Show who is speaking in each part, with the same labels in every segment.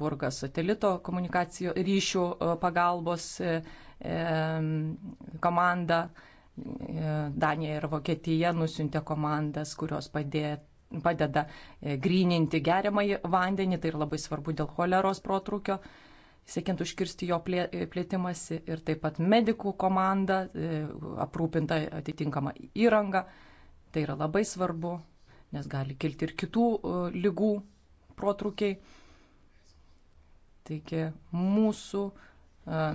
Speaker 1: Burgas satelito komunikacijų ryšių e, pagalbos e, e, komanda. Danija ir Vokietija nusintė komandas, kurios padėt, padeda gryninti geriamąjį vandenį, tai ir labai svarbu dėl choleros protrukio, siekiant užkirsti jo plėtimasi ir taip pat medikų komanda aprūpinta atitinkama įranga, tai yra labai svarbu, nes gali kilti ir kitų lygų protrukiai. Taigi mūsų e,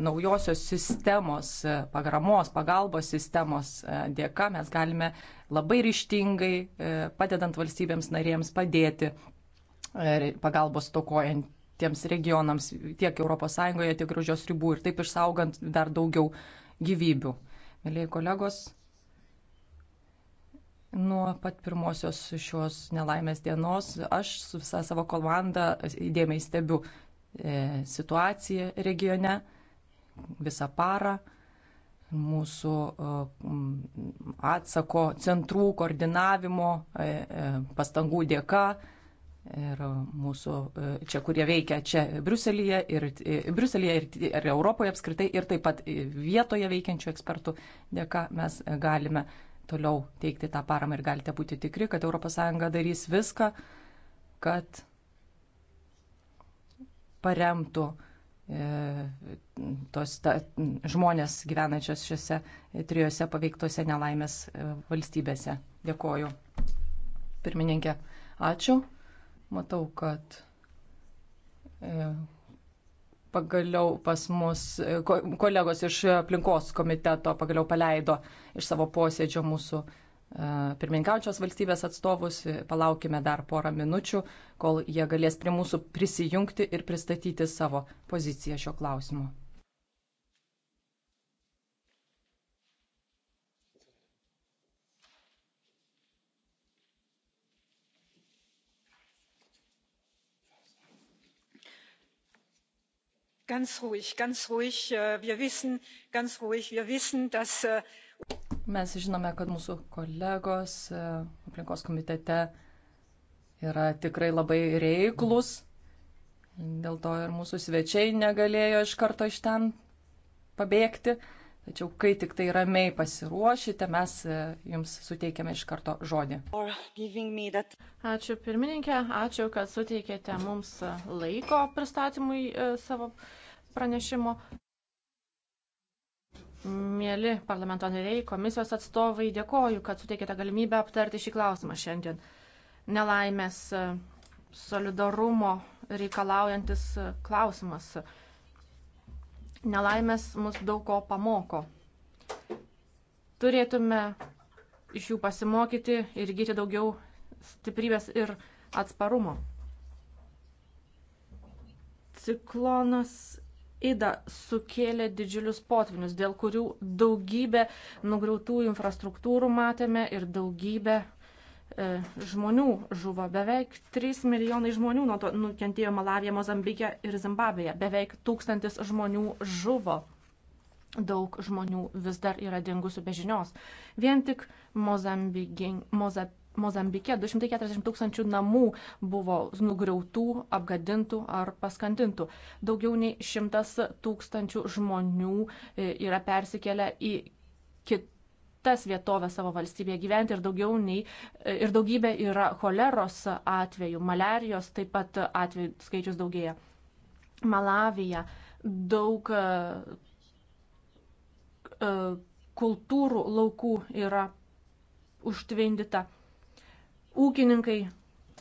Speaker 1: naujosios sistemos, e, pagramos, pagalbos sistemos e, dėka mes galime labai ryštingai, padedant valstybėms narėms, padėti pagalbos tokojantiems regionams tiek ES, tiek už jos ribų ir taip išsaugant dar daugiau gyvybių. Mėlyje kolegos, Nuo pat pirmosios šios nelaimės dienos aš su visa savo komanda įdėmiai stebiu E, situaciją regione visą parą. Mūsų e, atsako centrų koordinavimo e, pastangų dėka ir mūsų čia, kurie veikia čia Bruselėje ir, Bruselėje ir, ir Europoje apskritai ir taip pat vietoje veikiančių ekspertų dėka mes galime toliau teikti tą paramą ir galite būti tikri, kad ES darys viską, kad paremtų e, tos ta, žmonės gyvenančios šiuose trijose paveiktose nelaimės e, valstybėse. Dėkoju. Pirmininkė, ačiū. Matau, kad e, pagaliau pas mus kolegos iš aplinkos komiteto pagaliau paleido iš savo posėdžio mūsų E, pirmininkaujančios valstybės atstovus, palaukime dar porą minučių, kol jie galės prie mūsų prisijungti ir pristatyti savo poziciją šio klausimu.
Speaker 2: Ganz ruhig, ganz ruhig. Äh, wir wissen, ganz ruhig, wir
Speaker 1: wissen, dass äh, Mes žinome, kad mūsų kolegos e, aplinkos komitete yra tikrai labai reiklus, dėl to ir mūsų svečiai negalėjo iš karto iš ten pabėgti. Tačiau, kai tik tai ramiai pasiruošite, mes e, jums suteikėme iš karto žodį.
Speaker 2: Ačiū pirmininkė, ačiū, kad suteikėte mums e, laiko pristatymui savo pranešimo. Mėly parlamento nariai, komisijos atstovai, dėkoju, kad suteikėte galimybę aptarti šį klausimą šiandien. Nelaimės e, solidarumo reikalaujantis e, klausimas. Nelaimės mus daug ko pamoko. Turėtume iš jų pasimokyti ir gyti daugiau stiprybės ir atsparumo. Ciklonas Ida sukėlė didžiulius potvinius, dėl kurių daugybė nugriautų infrastruktūrų matėme ir daugybė e, žmonių žuvo. Beveik 3 milijonai žmonių nuo to nukentėjo Malavija, Mozambikė ir Zimbabvėje. Beveik tūkstantis žmonių žuvo. Daug žmonių vis dar yra dingusių be žinios. Vien tik Mozambikė. Moza, Mozambike 240 tūkstančių namų buvo nugriautų, apgadintų ar paskandintų. Daugiau nei 100 tūkstančių žmonių e, yra persikėlę į kitas vietovės savo valstybėje gyventi ir, nei, e, ir daugybė yra choleros atvejų, malarijos taip pat atvejų skaičius daugėja. Malavija daug e, kultūrų laukų yra užtvindyta ūkininkai,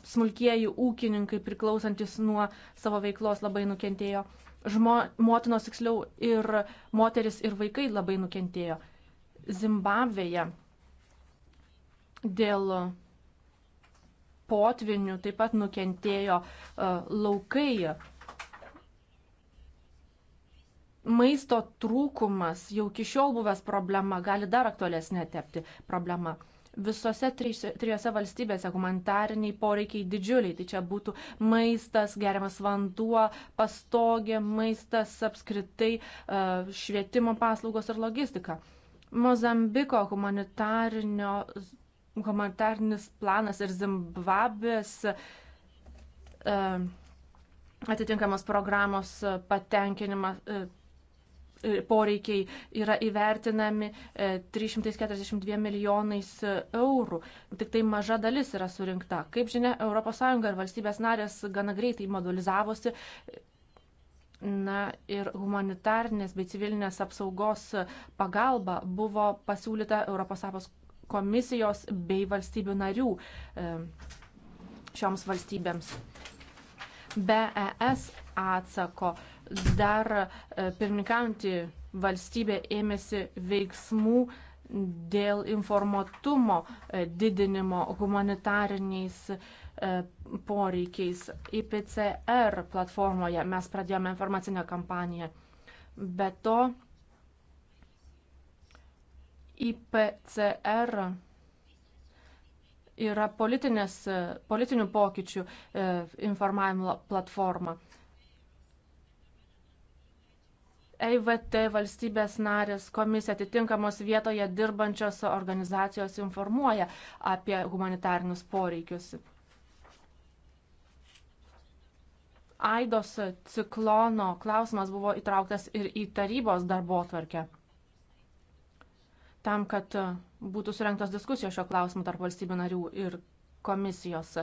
Speaker 2: smulkieji ūkininkai priklausantis nuo savo veiklos labai nukentėjo. Žmo, motinos tiksliau ir moteris ir vaikai labai nukentėjo. Zimbabvėje dėl potvinių taip pat nukentėjo uh, laukai. Maisto trūkumas jau iki šiol buvęs problema gali dar aktualesnė tepti problema. Visose trijose valstybėse humanitariniai poreikiai didžiuliai. Tai čia būtų maistas, geriamas vanduo, pastogė, maistas apskritai, e, švietimo paslaugos ir logistika. Mozambiko humanitarinis planas ir Zimbabvės e, atitinkamos programos patenkinimas e, E, poreikiai yra įvertinami 342 e, milijonais eurų. Tik tai maža dalis yra surinkta. Kaip žinia, ES ir valstybės narės gana greitai modulizavosi. Na ir humanitarnės bei civilinės apsaugos pagalba buvo pasiūlyta ES komisijos bei valstybių narių e, šioms valstybėms. Be ES atsako dar e, pirmininkaujantį valstybė ėmėsi veiksmų dėl informatumo e, didinimo humanitariniais e, poreikiais. IPCR platformoje mes pradėjome informacinę kampaniją. Be to, IPCR yra politinių pokyčių informavimo platforma. EIVT valstybės narės komisija atitinkamos vietoje dirbančios organizacijos informuoja apie humanitarinius poreikius. Aidos ciklono klausimas buvo įtrauktas ir į tarybos darbo tvarkę. Tam, kad būtų surinktos diskusijos šio klausimu tarp valstybių narių ir komisijos.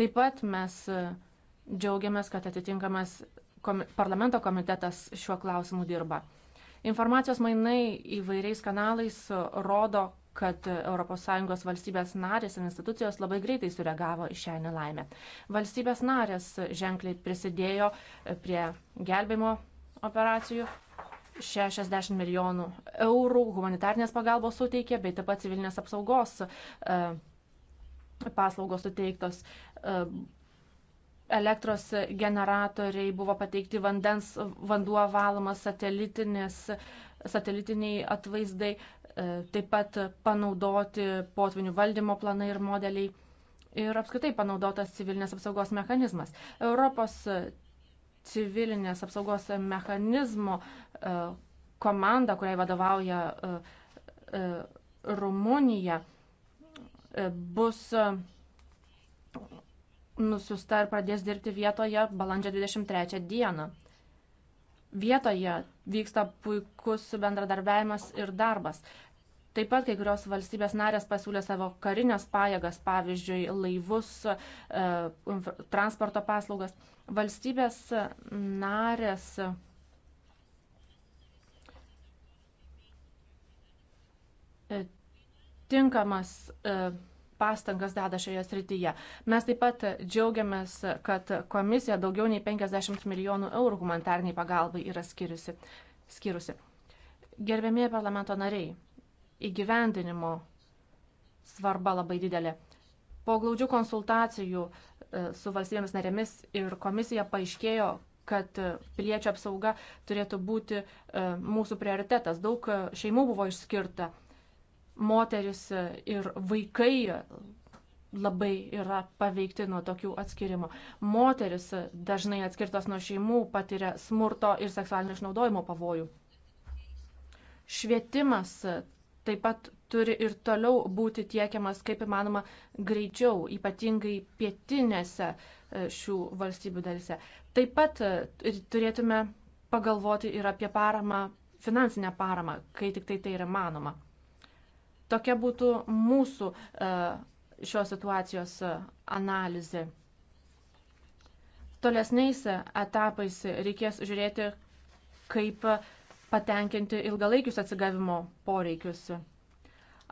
Speaker 2: Taip pat mes džiaugiamės, kad atitinkamas komi parlamento komitetas šiuo klausimu dirba. Informacijos mainai įvairiais kanalais rodo, kad ES valstybės narės ir institucijos labai greitai sureagavo į šią nelaimę. Valstybės narės ženkliai prisidėjo prie gelbimo operacijų. 60 milijonų eurų humanitarnės pagalbos suteikė, bei taip pat civilinės apsaugos e, paslaugos suteiktos e, elektros generatoriai, buvo pateikti vandens, vanduo valomas satelitiniai atvaizdai, e, taip pat panaudoti potvinių valdymo planai ir modeliai ir apskritai panaudotas civilinės apsaugos mechanizmas. Europos civilinės apsaugos mechanizmo e, komanda, kuriai vadovauja e, Rumunija, bus nusiusta ir pradės dirbti vietoje balandžio 23 dieną. Vietoje vyksta puikus bendradarbiavimas ir darbas. Taip pat kai kurios valstybės narės pasiūlė savo karinės pajėgas, pavyzdžiui, laivus, e, transporto paslaugas. Valstybės narės tinkamas e, pastangas deda šioje srityje. Mes taip pat džiaugiamės, kad komisija daugiau nei 50 milijonų eurų humanitarniai pagalbai yra skiriusi. skiriusi. Gerbėmėjai parlamento nariai, įgyvendinimo svarba labai didelė. Po glaudžių konsultacijų e, su valstybėmis narėmis ir komisija paaiškėjo, kad e, piliečio apsauga turėtų būti e, mūsų prioritetas. Daug šeimų buvo išskirta moteris ir vaikai labai yra paveikti nuo tokių atskirimo. Moteris dažnai atskirtos nuo šeimų patiria smurto ir seksualinio išnaudojimo pavojų. Švietimas taip pat turi ir toliau būti tiekiamas kaip įmanoma greičiau, ypatingai pietinėse e, šių valstybių dalyse. Taip pat e, turėtume pagalvoti ir apie paramą, finansinę paramą, kai tik tai tai yra manoma. Tokia būtų mūsų e, šios situacijos e, analizė. Tolesniais e, etapais reikės žiūrėti, kaip patenkinti ilgalaikius atsigavimo poreikius.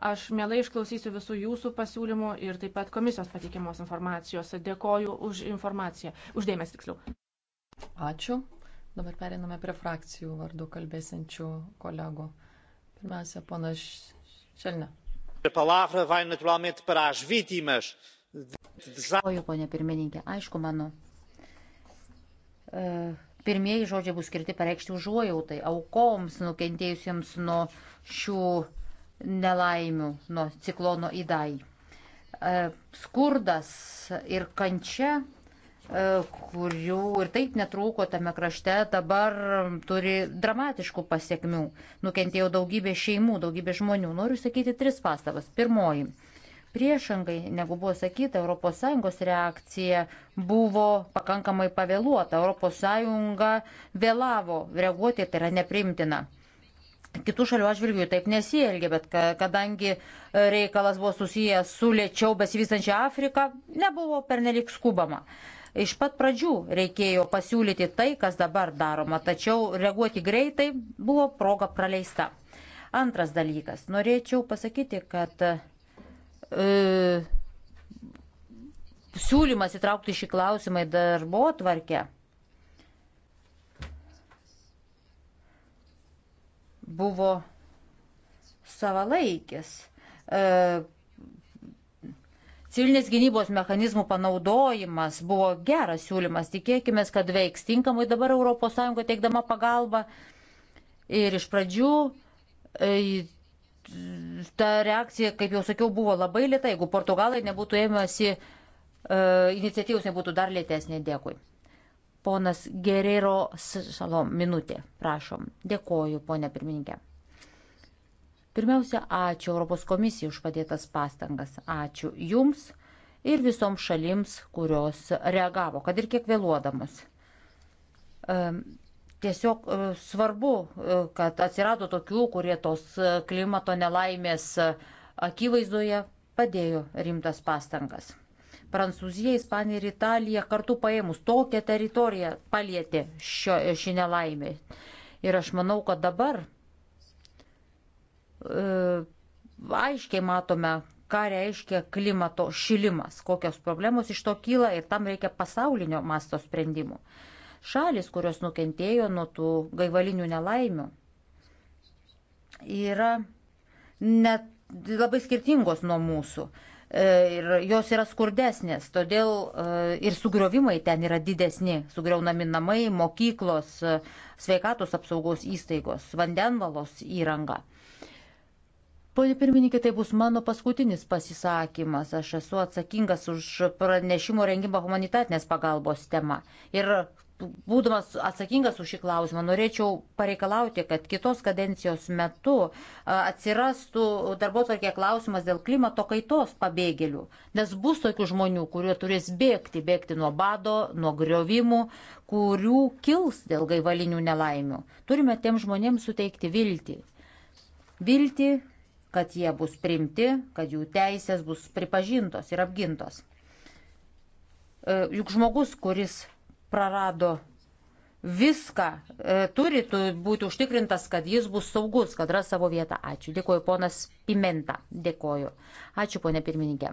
Speaker 2: Aš mielai išklausysiu visų jūsų pasiūlymų ir taip pat komisijos patikimos informacijos. Dėkoju už informaciją, uždėmės tiksliau.
Speaker 1: Ačiū. Dabar periname prie frakcijų vardų kalbėsinčių kolegų. Pirmiausia,
Speaker 3: ponas Šelna. Dėkoju, ponė pirmininkė. Aišku, mano. E, pirmieji žodžiai bus skirti pareikšti užuojautai aukoms nukentėjusiems nuo šių nelaimių, nuo ciklono įdai. E, skurdas ir kančia E, kurių ir taip netrūko tame krašte, dabar turi dramatiškų pasiekmių. Nukentėjo daugybė šeimų, daugybė žmonių. Noriu sakyti tris pastabas. Pirmoji. Priešingai, negu buvo sakyta, ES reakcija buvo pakankamai pavėluota. ES vėlavo reaguoti, tai yra nepriimtina. Kitų šalių atžvilgių taip nesielgia, bet kadangi e, reikalas buvo susijęs su lėčiau besivystančia Afrika, nebuvo pernelik skubama. Uh, Iš pat pradžių reikėjo pasiūlyti tai, kas dabar daroma, tačiau reaguoti greitai buvo proga praleista. Antras dalykas. Norėčiau pasakyti, kad e, siūlymas įtraukti šį klausimą į darbo tvarkę buvo savalaikis. E, Civilinės gynybos mechanizmų panaudojimas buvo geras siūlymas, tikėkime, kad veiks tinkamai dabar ES teikdama pagalbą. Ir iš pradžių e, ta reakcija, kaip jau sakiau, buvo labai lėta. Jeigu portugalai nebūtų ėmėsi e, iniciatyvos, nebūtų dar lėtesnė. Dėkui. Ponas Gerero Salom, minutė, prašom. Dėkoju, ponė pirmininkė. Pirmiausia, ačiū Europos komisijai už padėtas pastangas. Ačiū jums ir visoms šalims, kurios reagavo, kad ir kiek vėluodamos. Tiesiog e, svarbu, e, kad atsirado tokių, kurie tos e, klimato nelaimės akivaizdoje padėjo rimtas pastangas. Prancūzija, Ispanija ir Italija kartu paėmus tokią teritoriją palietė šio, ši nelaimė. Ir aš manau, kad dabar E, aiškiai matome, ką reiškia klimato šilimas, kokios problemos iš to kyla ir tam reikia pasaulinio masto sprendimų. Šalis, kurios nukentėjo nuo tų gaivalinių nelaimių, yra net labai skirtingos nuo mūsų. E, ir jos yra skurdesnės, todėl e, ir sugriovimai ten yra didesni. Sugriaunami namai, mokyklos, sveikatos apsaugos įstaigos, vandenvalos įranga. Pone pirmininkė, tai bus mano paskutinis pasisakymas. Aš esu atsakingas už pranešimo rengimą humanitarnės pagalbos temą. Ir būdamas atsakingas už šį klausimą, norėčiau pareikalauti, kad kitos kadencijos metu atsirastų darbo tvarkė klausimas dėl klimato kaitos pabėgėlių. Nes bus tokių žmonių, kurie turės bėgti, bėgti nuo bado, nuo griovimų, kurių kils dėl gaivalinių nelaimių. Turime tiem žmonėms suteikti viltį. Viltį kad jie bus primti, kad jų teisės bus pripažintos ir apgintos. E, juk žmogus, kuris prarado viską, e, turi būti užtikrintas, kad jis bus saugus, kad ras savo vietą. Ačiū. Dėkuoju, ponas Pimenta. Dėkuoju. Ačiū, ponė pirmininkė.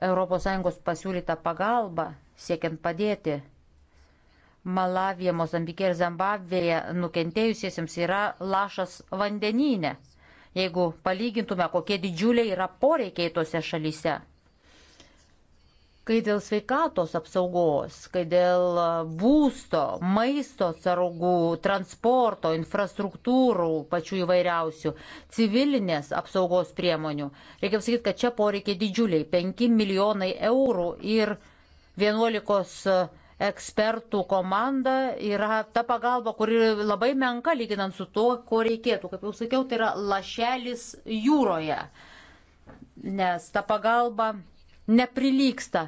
Speaker 3: ES pasiūlyta pagalba siekiant padėti Malavija, Mozambikė ir Zimbabvėje nukentėjusiesiems yra lašas vandenyne, jeigu palygintume, kokie didžiuliai yra poreikiai tose šalyse. Kai dėl sveikatos apsaugos, kai dėl būsto, maisto sargų, transporto, infrastruktūrų pačių įvairiausių, civilinės apsaugos priemonių. Reikia pasakyti, kad čia poreikiai didžiuliai - 5 milijonai eurų ir 11 ekspertų komanda yra ta pagalba, kuri labai menka lyginant su tuo, ko reikėtų. Kaip jau sakiau, tai yra lašelis jūroje, nes ta pagalba neprilyksta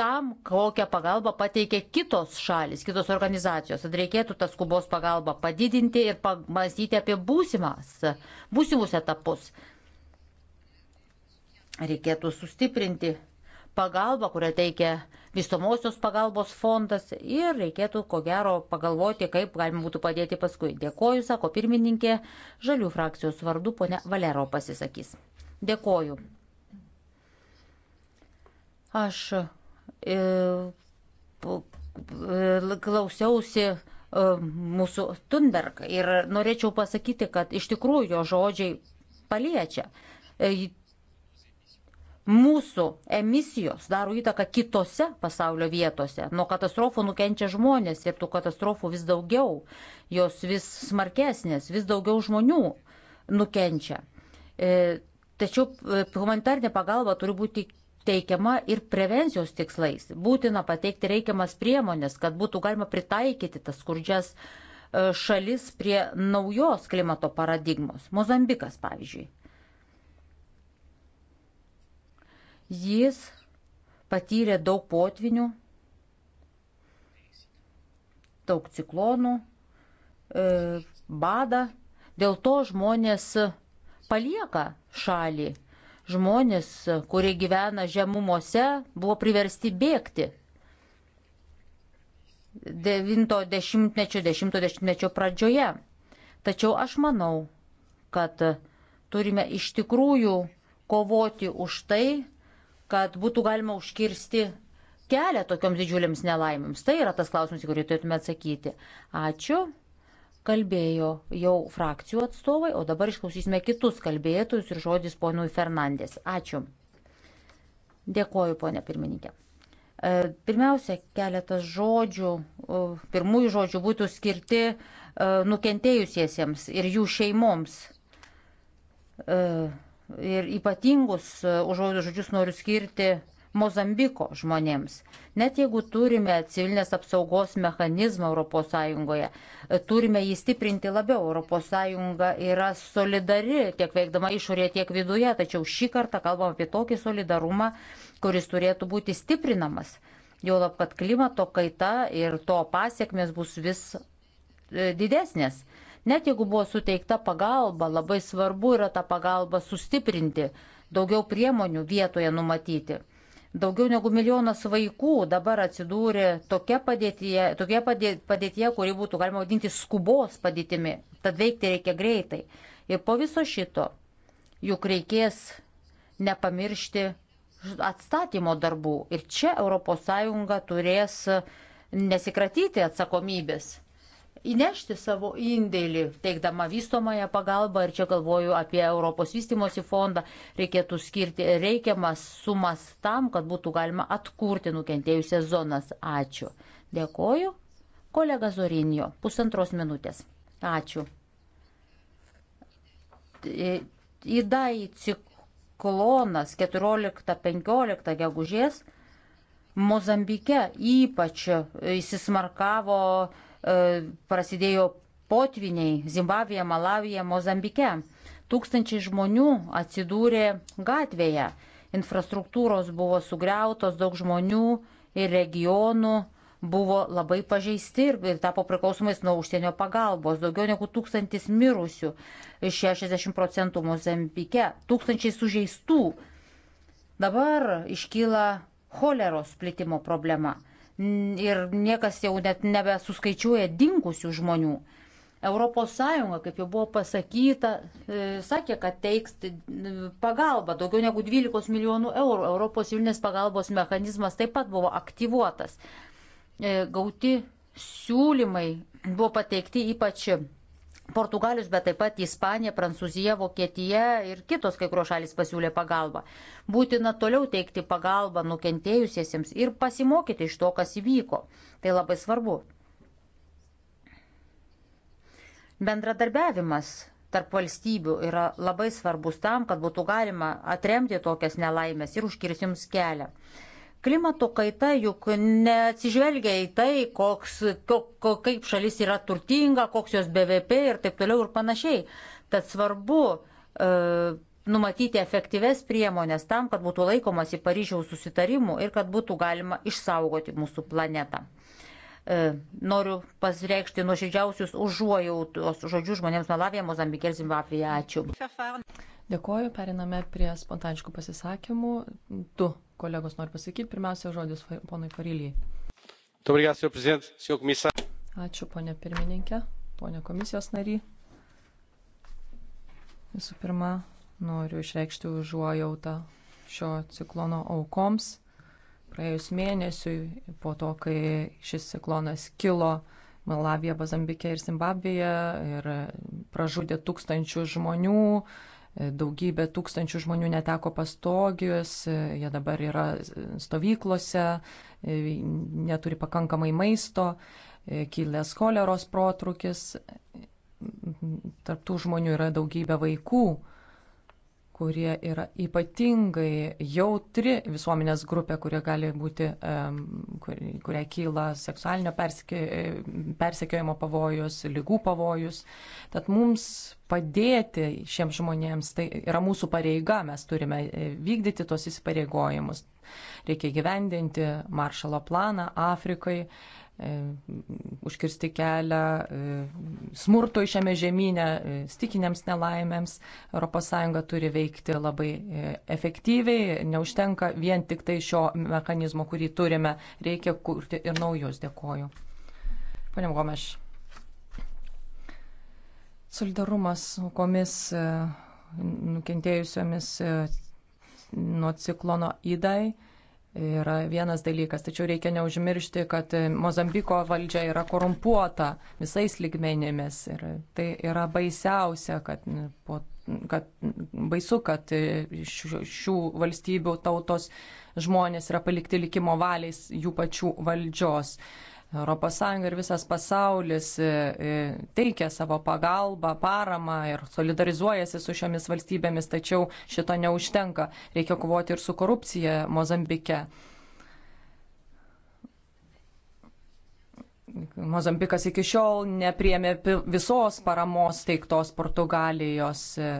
Speaker 3: tam, kokią pagalbą pateikia kitos šalis, kitos organizacijos. Tad reikėtų tą skubos pagalbą padidinti ir pamastyti apie būsimas, būsimus etapus. Reikėtų sustiprinti pagalbą, kurią teikia vystomosios pagalbos fondas ir reikėtų ko gero pagalvoti, kaip galima būtų padėti paskui. Dėkoju, sako pirmininkė, žalių frakcijos vardu ponia Valero pasisakys. Dėkoju. Aš e, e klausiausi e, mūsų Tunberg ir norėčiau pasakyti, kad iš tikrųjų jo žodžiai paliečia. E, mūsų emisijos daro įtaką kitose pasaulio vietose. Nuo katastrofų nukenčia žmonės ir tų katastrofų vis daugiau, jos vis smarkesnės, vis daugiau žmonių nukenčia. E, tačiau e, humanitarnė pagalba turi būti teikiama ir prevencijos tikslais. Būtina pateikti reikiamas priemonės, kad būtų galima pritaikyti tas skurdžias e, šalis prie naujos klimato paradigmos. Mozambikas, pavyzdžiui. Jis patyrė daug potvinių, daug ciklonų, e, badą, dėl to žmonės palieka šalį. Žmonės, kurie gyvena žemumose, buvo priversti bėgti. 90-mečio, 10-mečio pradžioje. Tačiau aš manau, kad turime iš tikrųjų kovoti už tai, kad būtų galima užkirsti kelią tokioms didžiuliams nelaimėms. Tai yra tas klausimas, į kurį turėtume atsakyti. Ačiū. Kalbėjo jau frakcijų atstovai, o dabar išklausysime kitus kalbėtojus ir žodis ponui Fernandės. Ačiū. Dėkoju, ponė pirmininkė. E, pirmiausia, keletas žodžių, e, pirmųjų žodžių būtų skirti e, nukentėjusiesiems ir jų šeimoms ir ypatingus e, užuodų žodžius noriu skirti Mozambiko žmonėms. Net jeigu turime civilinės apsaugos mechanizmą ES, e, turime jį stiprinti labiau. ES yra solidari tiek veikdama išorėje, tiek viduje, tačiau šį kartą kalbam apie tokį solidarumą, kuris turėtų būti stiprinamas. Jau lab, kad klimato kaita ir to pasiekmes bus vis e, didesnės. Net jeigu buvo suteikta pagalba, labai svarbu yra tą pagalbą sustiprinti, daugiau priemonių vietoje numatyti. Daugiau negu milijonas vaikų dabar atsidūrė tokia padėtyje, tokia padėtyje, kuri būtų galima vadinti skubos padėtimi. Tad veikti reikia greitai. Ir po viso šito juk reikės nepamiršti atstatymo darbų. Ir čia ES turės nesikratyti atsakomybės įnešti savo indėlį, teikdama vystomąją pagalbą ir čia galvoju apie Europos vystimosi fondą, reikėtų skirti reikiamas sumas tam, kad būtų galima atkurti nukentėjusias zonas. Ačiū. Dėkoju. Kolega Zorinio, pusantros minutės. Ačiū. Įdai ciklonas 14-15 gegužės Mozambike ypač įsismarkavo uh, E, prasidėjo potviniai Zimbabvėje, Malavyje, Mozambike. Tūkstančiai žmonių atsidūrė gatvėje, infrastruktūros buvo sugriautos, daug žmonių ir regionų buvo labai pažeisti ir, ir tapo priklausomais nuo užsienio pagalbos. Daugiau negu tūkstantis mirusių, 60 procentų Mozambike, tūkstančiai sužeistų. Dabar iškyla choleros plitimo problema ir niekas jau net nebesuskaičiuoja dinkusių žmonių. ES, kaip jau buvo pasakyta, e, sakė, kad teiks pagalbą daugiau negu 12 milijonų eurų. Europos civilinės pagalbos mechanizmas taip pat buvo aktyvuotas. E, gauti siūlymai buvo pateikti ypač Portugalius, bet taip pat Ispanija, Prancūzija, Vokietija ir kitos kai kurios šalis pasiūlė pagalbą. Būtina toliau teikti pagalbą nukentėjusiesiems ir pasimokyti iš to, kas įvyko. Tai labai svarbu. Bendradarbiavimas tarp valstybių yra labai svarbus tam, kad būtų galima atremti tokias nelaimės ir užkirsims kelią. Klimato kaita juk neatsižvelgia į tai, koks, kok, kaip šalis yra turtinga, koks jos BVP ir taip toliau ir panašiai. Tad svarbu e, numatyti efektyves priemonės tam, kad būtų laikomasi Paryžiaus susitarimų ir kad būtų galima išsaugoti mūsų planetą. E, noriu pasireikšti nuoširdžiausius užuojautos žodžius žmonėms Malavėje, Mozambike ir Zimbabvėje. Ačiū. Dėkoju,
Speaker 1: periname prie spontaniškų pasisakymų. Du kolegos nori pasakyti. Pirmiausia, žodis ponui Farylijai. Ačiū, ponė pirmininkė, ponė komisijos nary. Visų pirma, noriu išreikšti užuojautą šio ciklono aukoms. Praėjus mėnesiui po to, kai šis ciklonas kilo, Malavija, Bazambikė ir Zimbabvėje ir pražudė tūkstančių žmonių, daugybė tūkstančių žmonių neteko pastogijos, jie dabar yra stovyklose, neturi pakankamai maisto, kilęs choleros protrukis, tarptų žmonių yra daugybė vaikų kurie yra ypatingai jautri visuomenės grupė, kurie gali būti, kur, kuria kyla seksualinio persekiojimo pavojus, lygų pavojus. Tad mums padėti šiems žmonėms, tai yra mūsų pareiga, mes turime e, vykdyti tos įsipareigojimus. Reikia gyvendinti maršalo planą Afrikai, E, užkirsti kelią e, smurto šiame žemynė, e, stikiniams nelaimėms. ES turi veikti labai efektyviai, neužtenka vien tik tai šio mechanizmo, kurį turime, reikia kurti ir naujus. Dėkoju. Pane Gomeš. Solidarumas aukomis nukentėjusiomis nuo ciklono įdai yra vienas dalykas, tačiau reikia neužmiršti, kad Mozambiko valdžia yra korumpuota visais ligmenėmis ir tai yra baisiausia, kad, po, kad baisu, kad šių, šių valstybių tautos žmonės yra palikti likimo valiais jų pačių valdžios. ES ir visas pasaulis e, e, teikia savo pagalbą, paramą ir solidarizuojasi su šiomis valstybėmis, tačiau šito neužtenka. Reikia kovoti ir su korupcija Mozambike. Mozambikas iki šiol nepriemė visos paramos teiktos Portugalijos. E,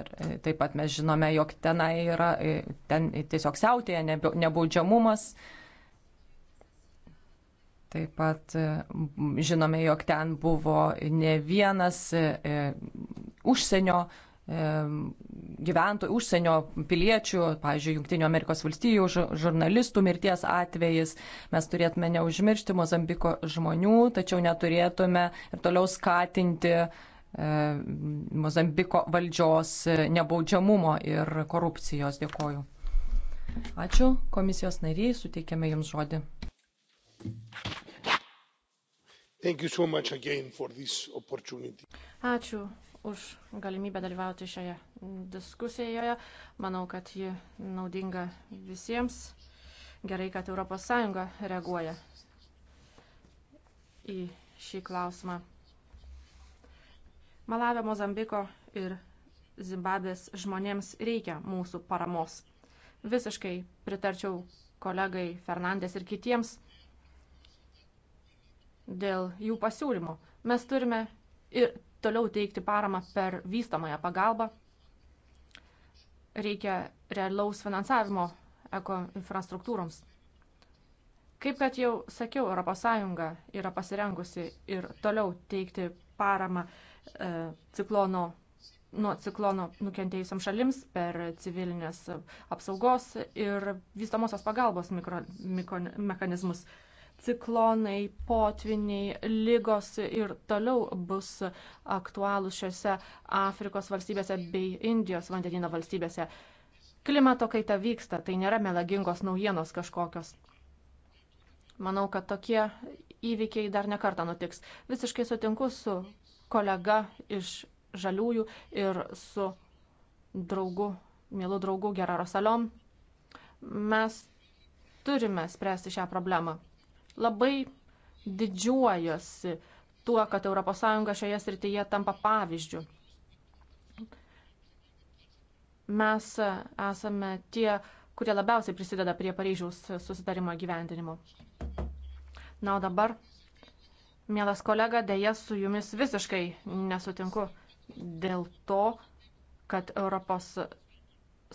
Speaker 1: taip pat mes žinome, jog tenai yra ten tiesiog siautėja nebaudžiamumas. Ne Taip pat e, žinome, jog ten buvo ne vienas e, e, užsienio gyventojų, užsienio piliečių, pavyzdžiui, Junktinių Amerikos valstijų žurnalistų mirties atvejais. Mes turėtume neužmiršti Mozambiko žmonių, tačiau neturėtume ir toliau skatinti Mozambiko valdžios nebaudžiamumo ir korupcijos. Dėkoju. Ačiū komisijos nariai, suteikėme Jums žodį. So
Speaker 2: Ačiū už galimybę dalyvauti šioje diskusijoje. Manau, kad ji naudinga visiems. Gerai, kad ES reaguoja į šį klausimą. Malavio, Mozambiko ir Zimbabvės žmonėms reikia mūsų paramos. Visiškai pritarčiau kolegai Fernandės ir kitiems dėl jų pasiūlymų. Mes turime ir toliau teikti paramą per vystamąją pagalbą. Reikia realaus finansavimo eko infrastruktūroms. Kaip kad jau sakiau, ES yra pasirengusi ir toliau teikti paramą e, ciklono, nuo ciklono nukentėjusiam šalims per civilinės apsaugos ir vystamosios pagalbos mikro, mikro, mechanizmus. Mikro, ciklonai, potviniai, lygos ir toliau bus aktualūs šiuose Afrikos valstybėse bei Indijos vandenino valstybėse. Klimato kaita vyksta, tai nėra melagingos naujienos kažkokios. Manau, kad tokie įvykiai dar nekartą nutiks. Visiškai sutinku su kolega iš žaliųjų ir su draugu, mielu draugu Geraro Salom. Mes turime spręsti šią problemą. Labai didžiuojosi tuo, kad ES šioje srityje tampa pavyzdžių. Mes esame tie, kurie labiausiai prisideda prie Paryžiaus susitarimo gyvendinimo. Na, o dabar, mielas kolega, dėja su jumis visiškai nesutinku dėl to, kad Europos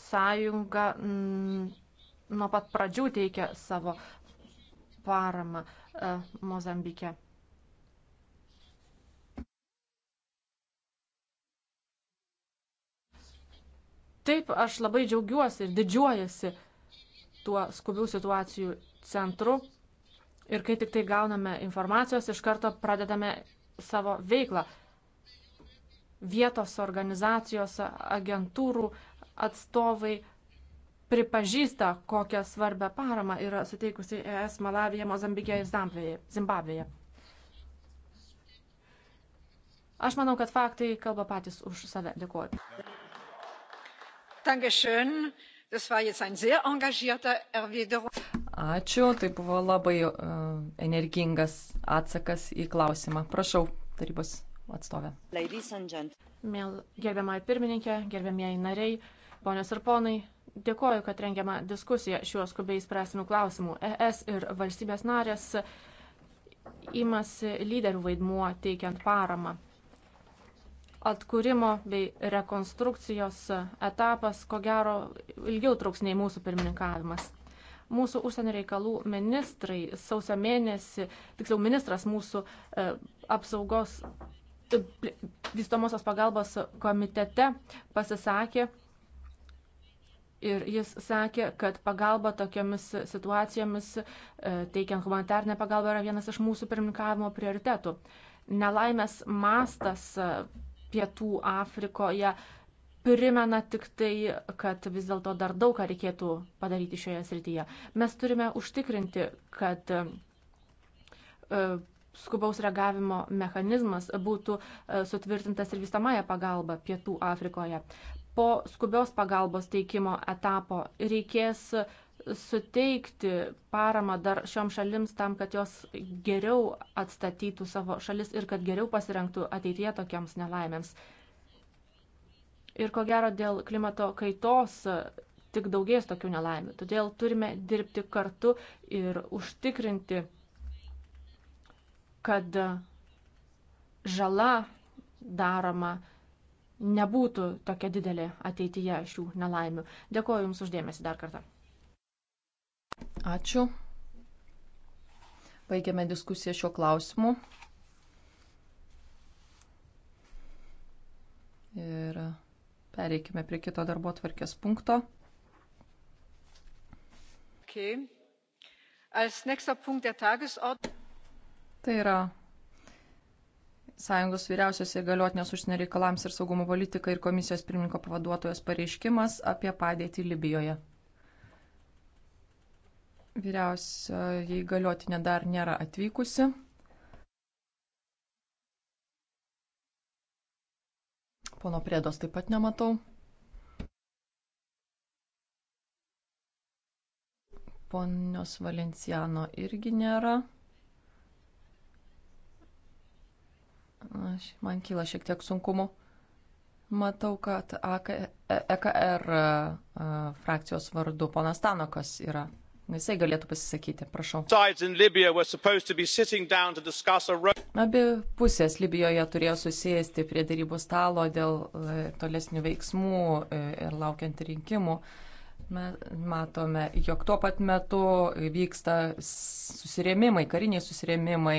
Speaker 2: Sąjunga m, mm, nuo pat pradžių teikia savo paramą e, Mozambike. Taip, aš labai džiaugiuosi ir didžiuojasi tuo skubių situacijų centru. Ir kai tik tai gauname informacijos, iš karto pradedame savo veiklą. Vietos organizacijos, agentūrų atstovai pripažįsta, kokią svarbę paramą yra suteikusi ES Malavija, Mozambikė ir Zimbabvėje. Aš manau, kad faktai kalba patys už save. Dėkuoju.
Speaker 1: Ačiū, tai buvo labai uh, energingas atsakas į klausimą. Prašau, tarybos atstovė.
Speaker 2: Gerbiamai pirmininkė, gerbiamieji nariai, Ponios ir ponai, dėkoju, kad rengiama diskusija šiuo skubiai spręstinų klausimų. ES ir valstybės narės imasi lyderių vaidmuo teikiant paramą. Atkūrimo bei rekonstrukcijos etapas, ko gero, ilgiau truks nei mūsų pirmininkavimas. Mūsų užsienio reikalų ministrai sausio mėnesį, tiksliau ministras mūsų e, apsaugos e, vystomosios pagalbos komitete pasisakė ir jis sakė, kad pagalba tokiamis situacijomis, e, teikiant humanitarnę pagalbą, yra vienas iš mūsų pirmininkavimo prioritetų. Nelaimės mastas e, Pietų Afrikoje primena tik tai, kad vis dėlto dar daug ką reikėtų padaryti šioje srityje. Mes turime užtikrinti, kad e, skubaus reagavimo mechanizmas būtų sutvirtintas ir vistamąją pagalbą Pietų Afrikoje po skubios pagalbos teikimo etapo reikės suteikti paramą dar šiom šalims tam, kad jos geriau atstatytų savo šalis ir kad geriau pasirengtų ateityje tokiams nelaimėms. Ir ko gero dėl klimato kaitos tik daugės tokių nelaimių. Todėl turime dirbti kartu ir užtikrinti, kad žala daroma nebūtų tokia didelė ateityje šių nelaimių. Dėkuoju Jums uždėmesi dar kartą.
Speaker 1: Ačiū. Baigiame diskusiją šiuo klausimu. Ir pereikime prie kito darbo tvarkės punkto. Okay. Tai yra Sąjungos vyriausios įgaliotinės užsienio reikalams ir saugumo politikai ir komisijos pirmininko pavaduotojos pareiškimas apie padėtį Libijoje. Vyriausioji įgaliotinė dar nėra atvykusi. Pono priedos taip pat nematau. Ponios Valenciano irgi nėra. Aš, man kyla šiek tiek sunkumų. Matau, kad AK, EKR e frakcijos vardu ponas Tanokas yra. Jisai galėtų pasisakyti, prašau. Abi pusės Libijoje turėjo susėsti prie darybų stalo dėl e, tolesnių veiksmų e, ir laukiant rinkimų. Uh, Mes matome, jog tuo pat metu vyksta susirėmimai, kariniai susirėmimai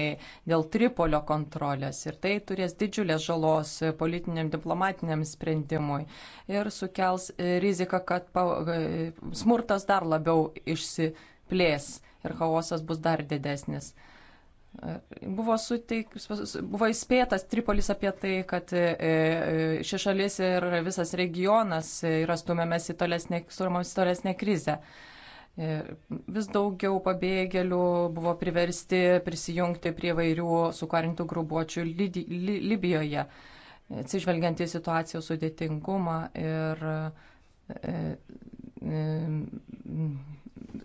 Speaker 1: dėl Tripolio kontrolės ir tai turės didžiulės žalos politiniam diplomatiniam sprendimui ir sukels riziką, kad smurtas dar labiau išsiplės ir chaosas bus dar didesnis. Buvo, suteik, buvo įspėtas Tripolis apie tai, kad e, e, ši šalis ir visas regionas yra stumiamas į tolesnę, tolesnę krizę. E, vis daugiau pabėgėlių buvo priversti prisijungti prie vairių sukarintų grubuočių Libijoje, atsižvelgiant į situacijos sudėtingumą ir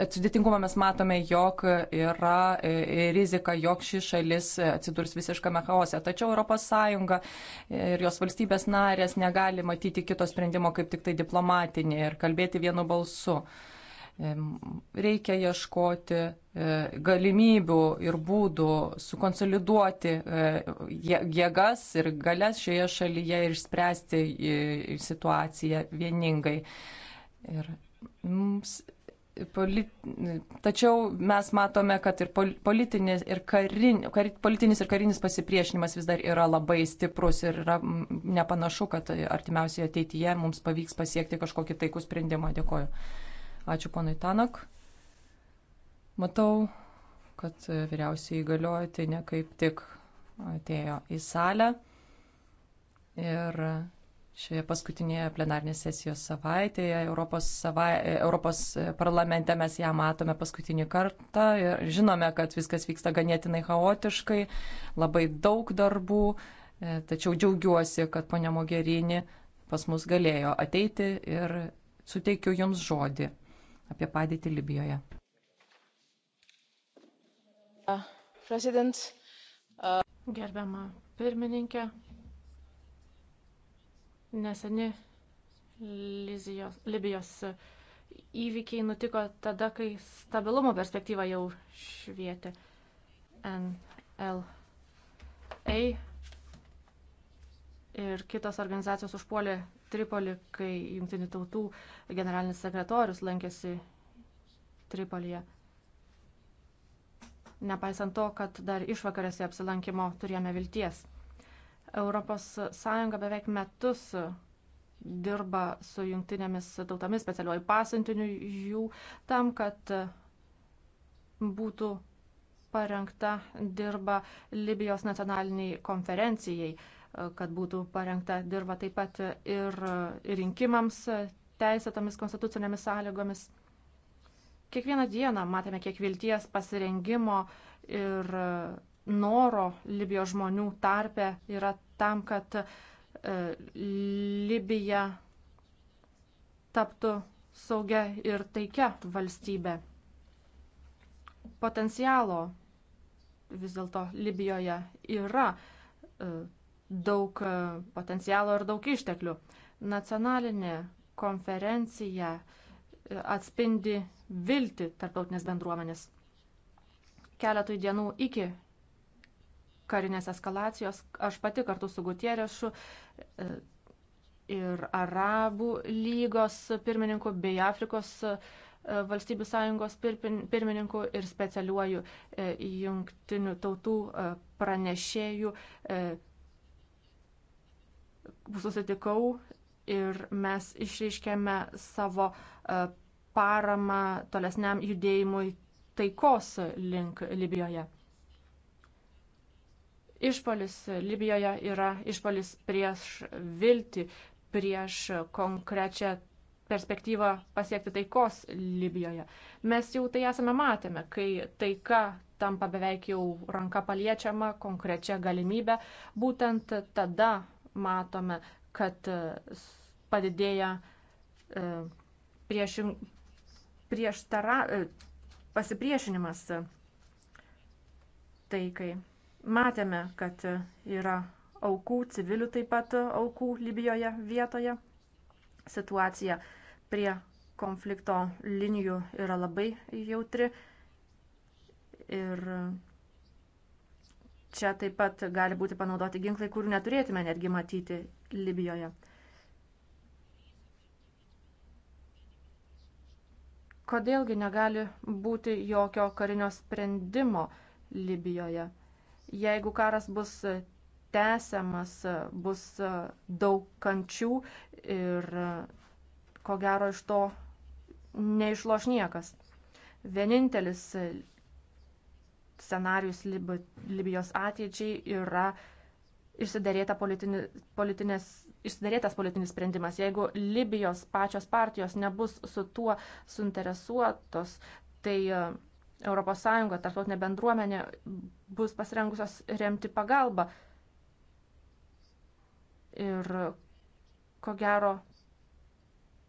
Speaker 1: sudėtingumą mes matome, jog yra e, rizika, jog ši šalis atsidurs visiškame chaose. Tačiau ES ir jos valstybės narės negali matyti kito sprendimo kaip tik tai diplomatinį ir kalbėti vienu balsu. E, reikia ieškoti e, galimybių ir būdų sukonsoliduoti jėgas ir galės šioje šalyje ir išspręsti situaciją vieningai. Ir mums Poli... Tačiau mes matome, kad ir, politinis, ir karin... kar... politinis ir karinis pasipriešinimas vis dar yra labai stiprus ir yra nepanašu, kad artimiausioje ateityje mums pavyks pasiekti kažkokį taikų sprendimą. Dėkoju. Ačiū ponui Tanak. Matau, kad vyriausiai įgaliojotinė tai kaip tik atėjo į salę. Ir Šioje paskutinėje plenarnės sesijos savaitėje Europos, savai, Europos parlamente mes ją matome paskutinį kartą ir žinome, kad viskas vyksta ganėtinai chaotiškai, labai daug darbų, e, tačiau džiaugiuosi, kad ponia Mogherini pas mus galėjo ateiti ir suteikiu Jums žodį apie padėtį Libijoje.
Speaker 2: President, uh... Gerbiama pirmininkė, Neseni Lizijos, Libijos įvykiai nutiko tada, kai stabilumo perspektyva jau švietė NLA ir kitos organizacijos užpuolė Tripolį, kai Junktinių tautų generalinis sekretorius lankėsi Tripolyje. Nepaisant to, kad dar išvakarėse apsilankimo turėjome vilties. ES beveik metus dirba su jungtinėmis tautomis specialiuoju pasiuntiniu jų tam, kad būtų parengta dirba Libijos nacionaliniai konferencijai, kad būtų parengta dirba taip pat ir rinkimams teisėtomis konstitucinėmis sąlygomis. Kiekvieną dieną matėme, kiek vilties pasirengimo ir noro Libijos žmonių tarpe yra tam, kad e, Libija taptų saugia ir taikia valstybė. Potencialo vis dėlto Libijoje yra e, daug e, potencialo ir daug išteklių. Nacionalinė konferencija e, atspindi viltį tarptautinės bendruomenės. Keletui dienų iki karinės eskalacijos. Aš pati kartu su Gutierešu e, ir Arabų lygos pirmininku bei Afrikos e, valstybių sąjungos pirmininku ir specialiuoju e, jungtinių tautų pranešėjų susitikau ir mes išreiškėme savo paramą tolesniam judėjimui taikos link Libijoje. Išpolis Libijoje yra išpolis prieš viltį, prieš konkrečią perspektyvą pasiekti taikos Libijoje. Mes jau tai esame matėme, kai taika tampa beveik jau ranka paliečiama, konkrečia galimybė, būtent tada matome, kad padidėja prieš, prieš tara, e, pasipriešinimas taikai. Matėme, kad yra aukų, civilių taip pat aukų Libijoje vietoje. Situacija prie konflikto linijų yra labai jautri. Ir čia taip pat gali būti panaudoti ginklai, kurių neturėtume netgi matyti Libijoje. Kodėlgi negali būti jokio karinio sprendimo Libijoje? Jeigu karas bus tęsiamas, bus daug kančių ir ko gero iš to neišloš niekas. Vienintelis scenarius Lib Libijos ateičiai yra išsiderėta politini, politinės, išsiderėtas politinis sprendimas. Jeigu Libijos pačios partijos nebus su tuo suinteresuotos, tai ES, tarptautinė bendruomenė bus pasirengusios remti pagalbą. Ir ko gero,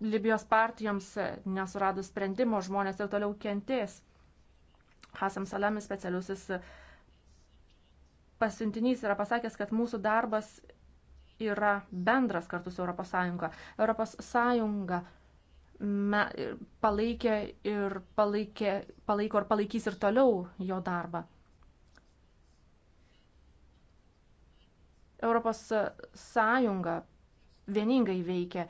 Speaker 2: Libijos partijoms nesuradus sprendimo žmonės ir toliau kentės. Hasam Salamis specialiusis pasiuntinys yra pasakęs, kad mūsų darbas yra bendras kartu su ES. ES me, palaikė ir palaikė, palaiko ir palaikys ir toliau jo darbą. Europos Sąjunga vieningai veikia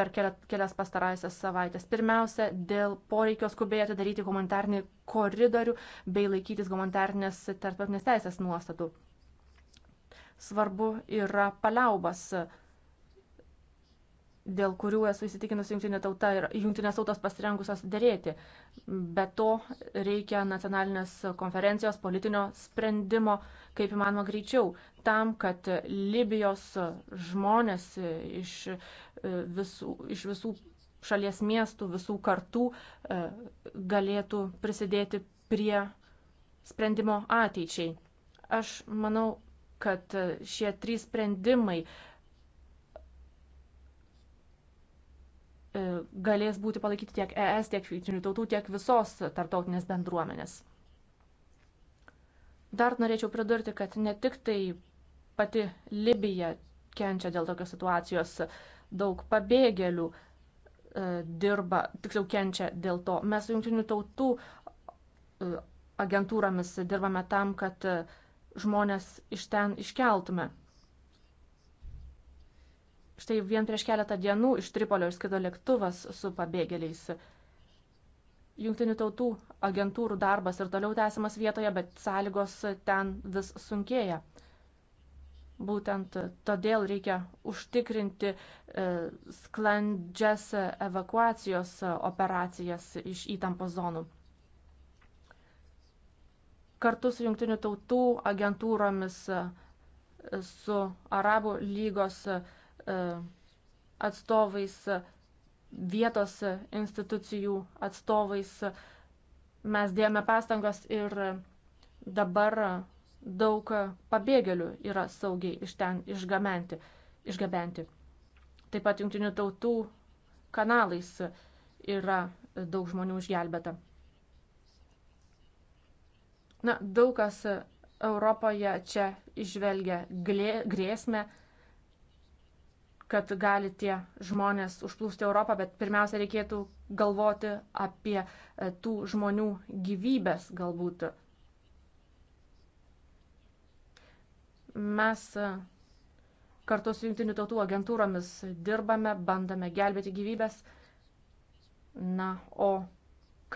Speaker 2: per kelias pastarąsias savaitės. Pirmiausia, dėl poreikio skubiai atidaryti humanitarnį koridorių bei laikytis humanitarnės tarptautinės teisės nuostatų. Svarbu yra paliaubas dėl kurių esu įsitikinusi jungtinė tauta ir jungtinės tautos pasirengusios dėrėti. Be to reikia nacionalinės konferencijos politinio sprendimo, kaip įmanoma greičiau, tam, kad Libijos žmonės iš e, visų, iš visų šalies miestų, visų kartų e, galėtų prisidėti prie sprendimo ateičiai. Aš manau, kad šie trys sprendimai E, galės būti palaikyti tiek ES, tiek jungtinių tautų, tiek visos tarptautinės bendruomenės. Dar norėčiau pridurti, kad ne tik tai pati Libija kenčia dėl tokios situacijos, daug pabėgėlių e, dirba, tiksliau kenčia dėl to. Mes su jungtinių tautų e, agentūromis dirbame tam, kad e, žmonės iš ten iškeltume. Štai vien prieš keletą dienų iš Tripolio išskrido lėktuvas su pabėgėliais. Jungtinių tautų agentūrų darbas ir toliau tęsiamas vietoje, bet sąlygos ten vis sunkėja. Būtent todėl reikia užtikrinti e, sklandžias evakuacijos operacijas iš įtampos zonų. Kartu su jungtinių tautų agentūromis, e, su Arabų lygos agentūromis, E, atstovais, vietos institucijų atstovais. Mes dėjome pastangas ir dabar daug pabėgėlių yra saugiai iš ten išgamenti, išgabenti. Taip pat jungtinių tautų kanalais yra daug žmonių išgelbėta. Na, daug kas Europoje čia išvelgia grėsmę, kad gali tie žmonės užplūsti Europą, bet pirmiausia reikėtų galvoti apie e, tų žmonių gyvybės galbūt. Mes e, kartu su jungtinių tautų agentūromis dirbame, bandome gelbėti gyvybės. Na, o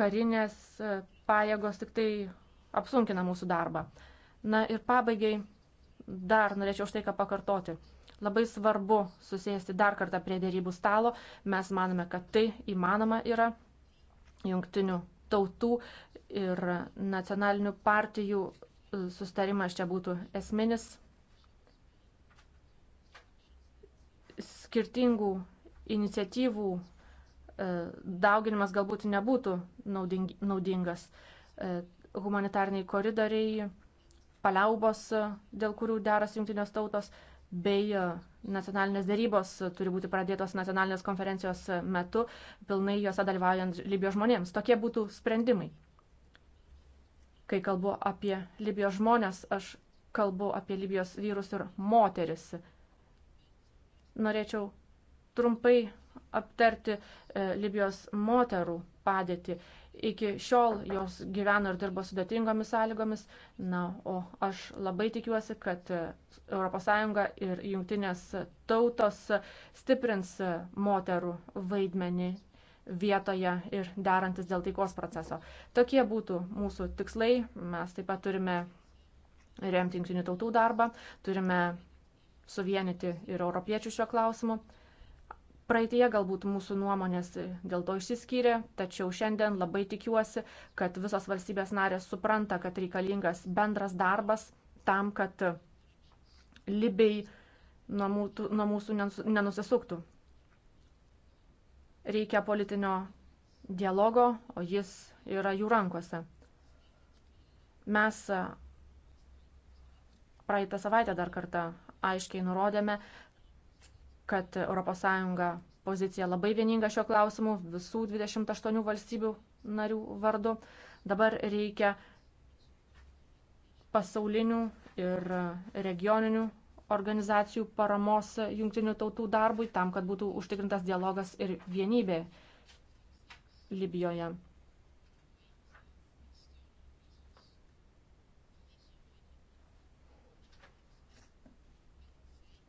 Speaker 2: karinės e, pajėgos tik tai apsunkina mūsų darbą. Na ir pabaigai dar norėčiau štai ką pakartoti. Labai svarbu susėsti dar kartą prie dėrybų stalo. Mes manome, kad tai įmanoma yra jungtinių tautų ir nacionalinių partijų e, sustarimas čia būtų esminis. Skirtingų iniciatyvų e, dauginimas galbūt nebūtų naudingas. E, humanitariniai koridoriai, paliaubos, dėl kurių deras jungtinės tautos, bei nacionalinės darybos turi būti pradėtos nacionalinės konferencijos metu, pilnai juose dalyvaujant Libijos žmonėms. Tokie būtų sprendimai. Kai kalbu apie Libijos žmonės, aš kalbu apie Libijos vyrus ir moteris. Norėčiau trumpai aptarti e, Libijos moterų padėtį iki šiol jos gyveno ir dirbo sudėtingomis sąlygomis. Na, o aš labai tikiuosi, kad ES ir jungtinės tautos stiprins moterų vaidmenį vietoje ir derantis dėl taikos proceso. Tokie būtų mūsų tikslai. Mes taip pat turime remti jungtinių tautų darbą, turime suvienyti ir europiečių šiuo klausimu. Praeitie galbūt mūsų nuomonės dėl to išsiskyrė, tačiau šiandien labai tikiuosi, kad visos valstybės narės supranta, kad reikalingas bendras darbas tam, kad Libiai nuo mūsų, nuo mūsų nenusisuktų. Reikia politinio dialogo, o jis yra jų rankose. Mes praeitą savaitę dar kartą aiškiai nurodėme, kad ES pozicija labai vieninga šiuo klausimu visų 28 valstybių narių vardu. Dabar reikia pasaulinių ir regioninių organizacijų paramos jungtinių tautų darbui tam, kad būtų užtikrintas dialogas ir vienybė Libijoje.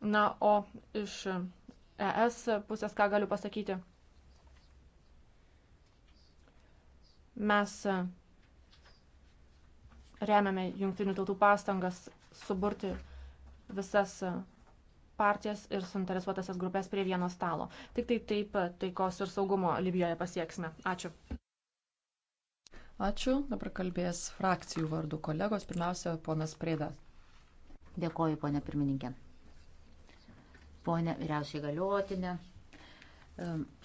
Speaker 2: Na, o iš ES pusės ką galiu pasakyti? Mes remiame jungtinių tautų pastangas suburti visas partijas ir suinteresuotasias grupės prie vieno stalo. Tik tai taip taikos ir saugumo Libijoje pasieksime. Ačiū.
Speaker 1: Ačiū.
Speaker 3: Dabar kalbės frakcijų vardų kolegos. Pirmiausia, ponas Prėda. Dėkoju, ponė pirmininkė ponė vyriausiai galiotinė.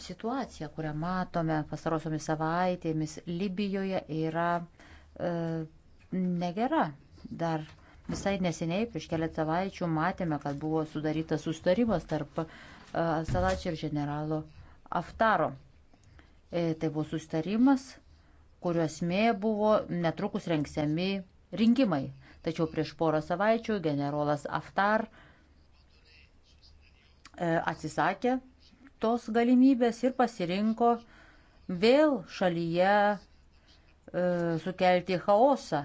Speaker 3: Situacija, kurią matome pastarosiomis savaitėmis Libijoje, yra e, negera. Dar visai neseniai, prieš keletą savaičių, matėme, kad buvo sudarytas sustarimas tarp e, Salačio ir generalo Aftaro. E, tai buvo sustarimas, kurio esmė buvo netrukus renksiami rinkimai. Tačiau prieš porą savaičių generolas Aftar e, E, atsisakė tos galimybės ir pasirinko vėl šalyje e, sukelti chaosą.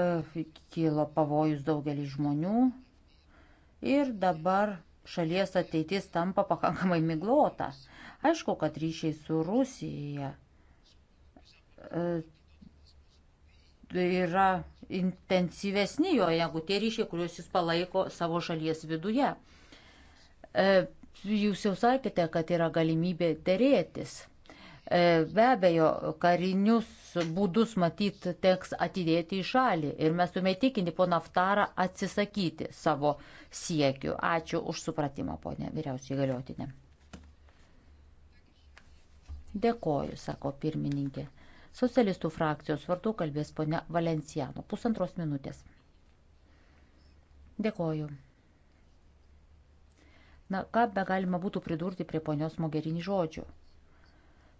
Speaker 3: E, kilo pavojus daugelį žmonių ir dabar šalies ateitis tampa pakankamai miglota. Aišku, kad ryšiai su Rusija yra intensyvesni jo negu tie ryšiai, kuriuos jis palaiko savo šalies viduje. E, jūs jau sakėte, kad yra galimybė dėrėtis. E, be abejo, karinius būdus matyt teks atidėti į šalį ir mes turime įtikinti poną Aftarą atsisakyti savo siekių. Ačiū už supratimą, ponė vyriausiai galiotinė. Dėkoju, sako pirmininkė. Socialistų frakcijos vardu kalbės ponia Valenciano. Pusantros minutės. Dėkoju. Na, ką be galima būtų pridurti prie ponios Mogerinį žodžių?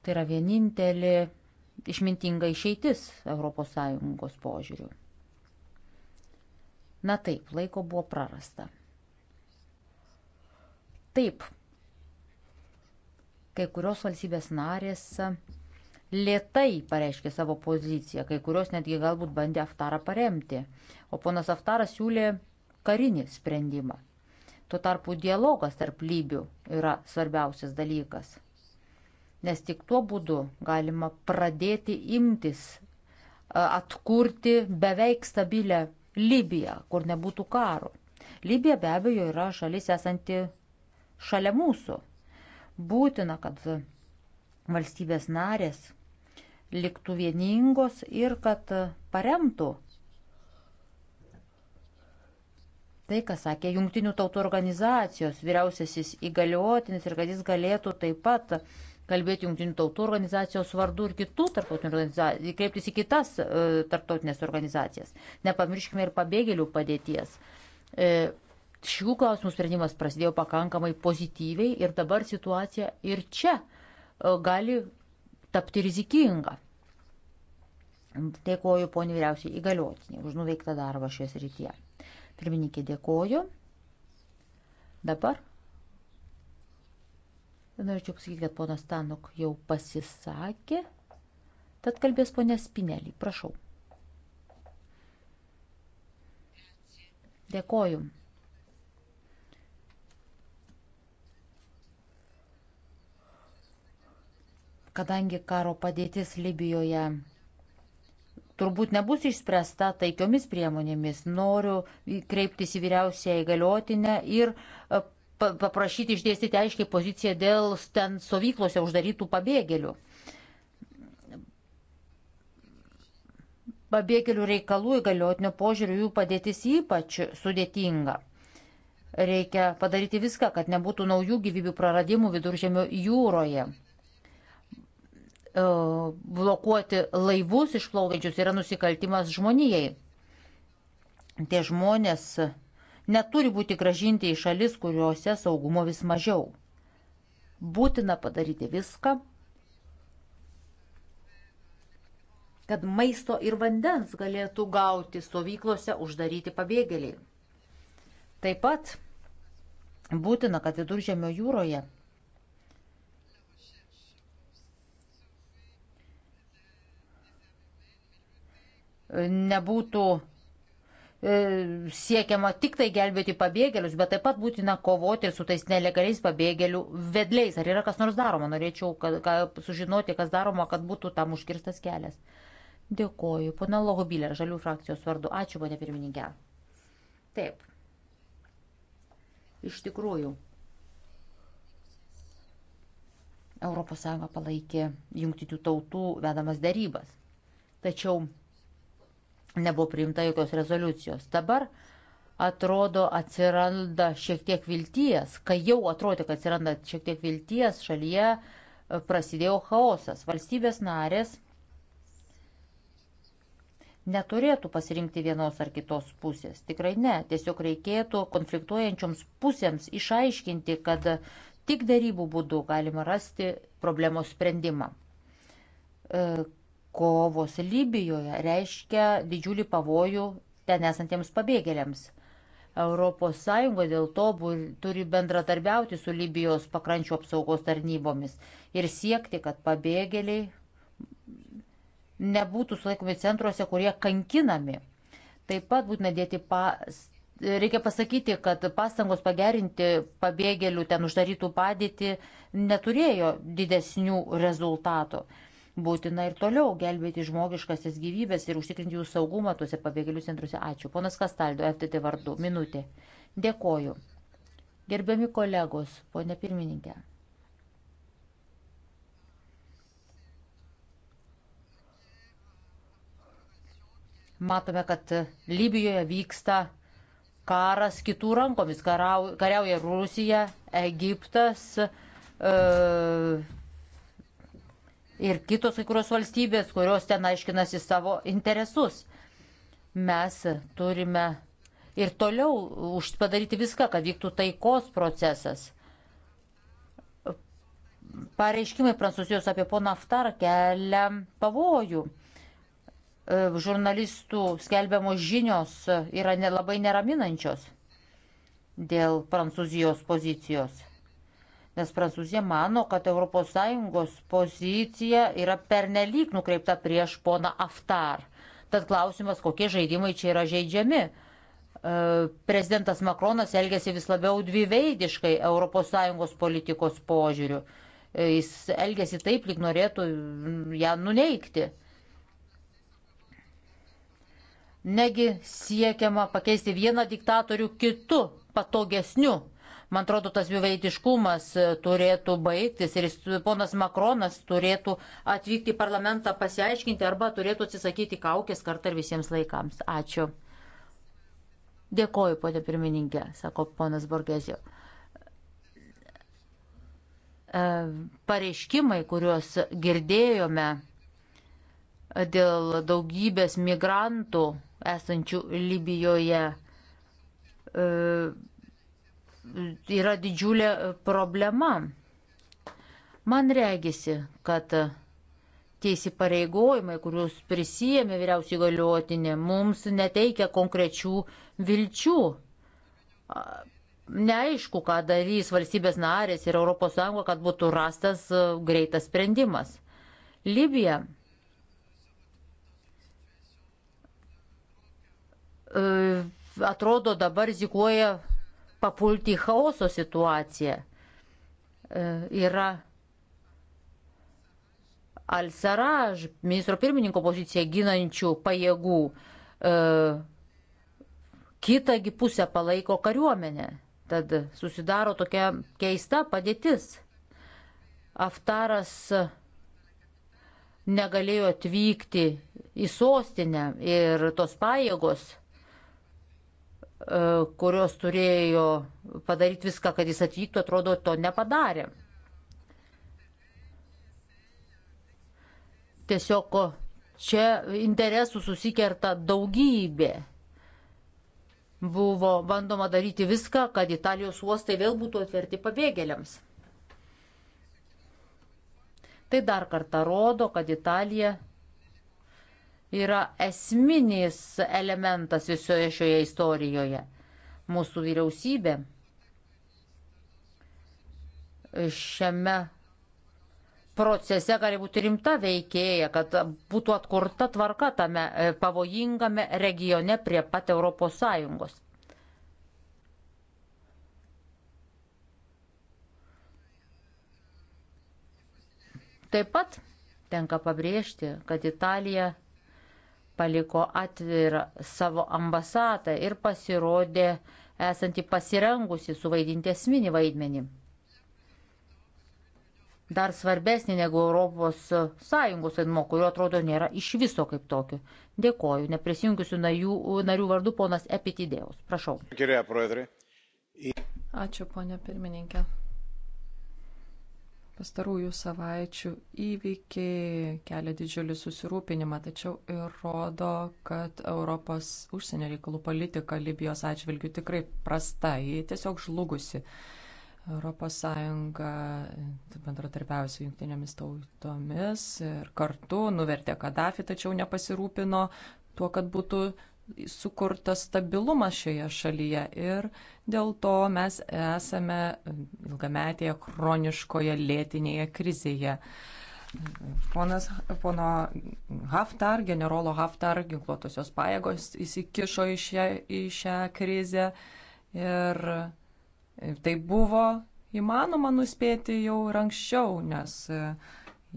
Speaker 3: Tai yra vienintelė išmintinga išeitis ES požiūrių. Na taip, laiko buvo prarasta. Taip, kai kurios valstybės narės lietai pareiškė savo poziciją, kai kurios netgi galbūt bandė Aftarą paremti, o ponas Aftaras siūlė karinį sprendimą. Tuo tarpu dialogas tarp lygių yra svarbiausias dalykas. Nes tik tuo būdu galima pradėti imtis atkurti beveik stabilę Libiją, kur nebūtų karo. Libija be abejo yra šalis esanti šalia mūsų. Būtina, kad valstybės narės liktų vieningos ir kad paremtų tai, ką sakė Junktinių tautų organizacijos vyriausiasis įgaliotinis ir kad jis galėtų taip pat kalbėti Junktinių tautų organizacijos vardu ir kitų tarptautinių organizacijų, kreiptis į kitas e, tarptautinės organizacijas. Nepamirškime ir pabėgėlių padėties. E, šių klausimų sprendimas prasidėjo pakankamai pozityviai ir dabar situacija ir čia e, gali tapti rizikinga. Dėkoju poniai vyriausiai įgaliotinį už nuveiktą darbą šioje srityje. Pirmininkė dėkoju. Dabar norėčiau pasakyti, kad ponas Tanok jau pasisakė, tad kalbės ponė Spinelį. Prašau. Dėkoju. Kadangi karo padėtis Libijoje turbūt nebus išspręsta taikiomis priemonėmis. Noriu kreiptis į vyriausiąją įgaliotinę ir e, paprašyti išdėstyti aiškiai poziciją dėl ten stovyklose uždarytų pabėgėlių. Pabėgėlių reikalų įgaliotinio požiūrių jų padėtis ypač sudėtinga. Reikia padaryti viską, kad nebūtų naujų gyvybių praradimų viduržėmio jūroje E, blokuoti laivus išplaukiančius yra nusikaltimas žmonijai. Tie žmonės neturi būti gražinti į šalis, kuriuose saugumo vis mažiau. Būtina padaryti viską, kad maisto ir vandens galėtų gauti stovyklose uždaryti pabėgėliai. Taip pat būtina, kad viduržėmio jūroje nebūtų e, siekiama tik tai gelbėti pabėgėlius, bet taip pat būtina kovoti ir su tais nelegaliais pabėgėlių vedliais. Ar yra kas nors daroma? Norėčiau kad, kad, sužinoti, kas daroma, kad būtų tam užkirstas kelias. Dėkoju. Pana Lohobilė, Žalių frakcijos vardu. Ačiū, ponė pirmininkė. Taip. Iš tikrųjų. ES palaikė jungtinių tautų vedamas darybas. Tačiau nebuvo priimta jokios rezoliucijos. Dabar atrodo atsiranda šiek tiek vilties, kai jau atrodo, kad atsiranda šiek tiek vilties, šalyje e, prasidėjo chaosas. Valstybės narės neturėtų pasirinkti vienos ar kitos pusės. Tikrai ne. Tiesiog reikėtų konfliktuojančioms pusėms išaiškinti, kad tik darybų būdu galima rasti problemos sprendimą e, kovos Libijoje reiškia didžiulį pavojų ten esantiems pabėgėliams. ES dėl to turi bendratarbiauti su Libijos pakrančių apsaugos tarnybomis ir siekti, kad pabėgėliai nebūtų sulaikomi centruose, kurie kankinami. Taip pat būtina dėti pas. Reikia pasakyti, kad pastangos pagerinti pabėgėlių ten uždarytų padėtį neturėjo didesnių rezultatų. Būtina ir toliau gelbėti žmogiškasias gyvybės ir užtikrinti jų saugumą tuose pabėgėlių centruose. Ačiū. Ponas Kastaldo, FTT vardu. Minutė. Dėkoju. Gerbiami kolegos, ponė pirmininkė. Matome, kad Libijoje vyksta karas kitų rankomis. Karau, kariauja Rusija, Egiptas, e, ir kitos kai kurios valstybės, kurios ten aiškinasi savo interesus. Mes turime ir toliau padaryti viską, kad vyktų taikos procesas. Pareiškimai Prancūzijos apie poną Aftarą kelia pavojų. E, žurnalistų skelbiamos žinios yra nelabai neraminančios dėl Prancūzijos pozicijos nes Prancūzija mano, kad ES pozicija yra pernelyg nukreipta prieš poną Aftar. Tad klausimas, kokie žaidimai čia yra žaidžiami. E, prezidentas Makronas elgesi vis labiau dviveidiškai ES politikos požiūriu. E, jis elgesi taip, lyg norėtų ją nuneikti. Negi siekiama pakeisti vieną diktatorių kitu patogesniu Man atrodo, tas beveidiškumas e, turėtų baigtis ir jis, ponas Makronas turėtų atvykti į parlamentą pasiaiškinti arba turėtų atsisakyti kaukės kartą ir visiems laikams. Ačiū. Dėkoju, ponė pirmininkė, sako ponas Borgesio. E, pareiškimai, kuriuos girdėjome dėl daugybės migrantų esančių Libijoje, e, yra didžiulė e, problema. Man regisi, kad tie įsipareigojimai, kuriuos prisijėmė vyriausiai galiotinė, mums neteikia konkrečių vilčių. Neaišku, ką darys valstybės narės ir ES, kad būtų rastas e, greitas sprendimas. Libija e, atrodo dabar zikuoja papulti į chaoso situaciją. E, yra Alsaraž, ministro pirmininko poziciją ginančių pajėgų, e, kitągi pusę palaiko kariuomenė. Tad susidaro tokia keista padėtis. Aftaras negalėjo atvykti į sostinę ir tos pajėgos E, kurios turėjo padaryti viską, kad jis atvyktų, atrodo, to nepadarė. Tiesiog čia interesų susikerta daugybė. Buvo bandoma daryti viską, kad Italijos uostai vėl būtų atverti pabėgėliams. Tai dar kartą rodo, kad Italija yra esminis elementas visoje šioje istorijoje. Mūsų vyriausybė šiame procese gali būti rimta veikėja, kad būtų atkurta tvarka tame e, pavojingame regione prie pat Europos Sąjungos. Taip pat tenka pabrėžti, kad Italija paliko atvirą savo ambasadą ir pasirodė esanti pasirengusi suvaidinti esminį vaidmenį. Dar svarbesnį negu Europos Sąjungos vaidmo, kurio atrodo nėra iš viso kaip tokio. Dėkoju, neprisijungusių narių, narių vardu ponas Epitidėjus. Prašau. Ačiū, ponė pirmininkė. Pastarųjų
Speaker 1: savaičių įvykiai kelia didžiulį susirūpinimą, tačiau ir rodo, kad Europos užsienio reikalų politika Libijos atžvilgių tikrai prasta, ji tiesiog žlugusi. ES bendradarbiavo su jungtinėmis tautomis ir kartu nuvertė Kadafį, tačiau nepasirūpino tuo, kad būtų sukurtas stabilumas šioje šalyje ir dėl to mes esame ilgametėje chroniškoje lėtinėje krizėje. Ponas, pono Haftar, generolo Haftar, ginkluotosios pajėgos įsikišo į šią, į šią krizę ir tai buvo įmanoma nuspėti jau ir anksčiau, nes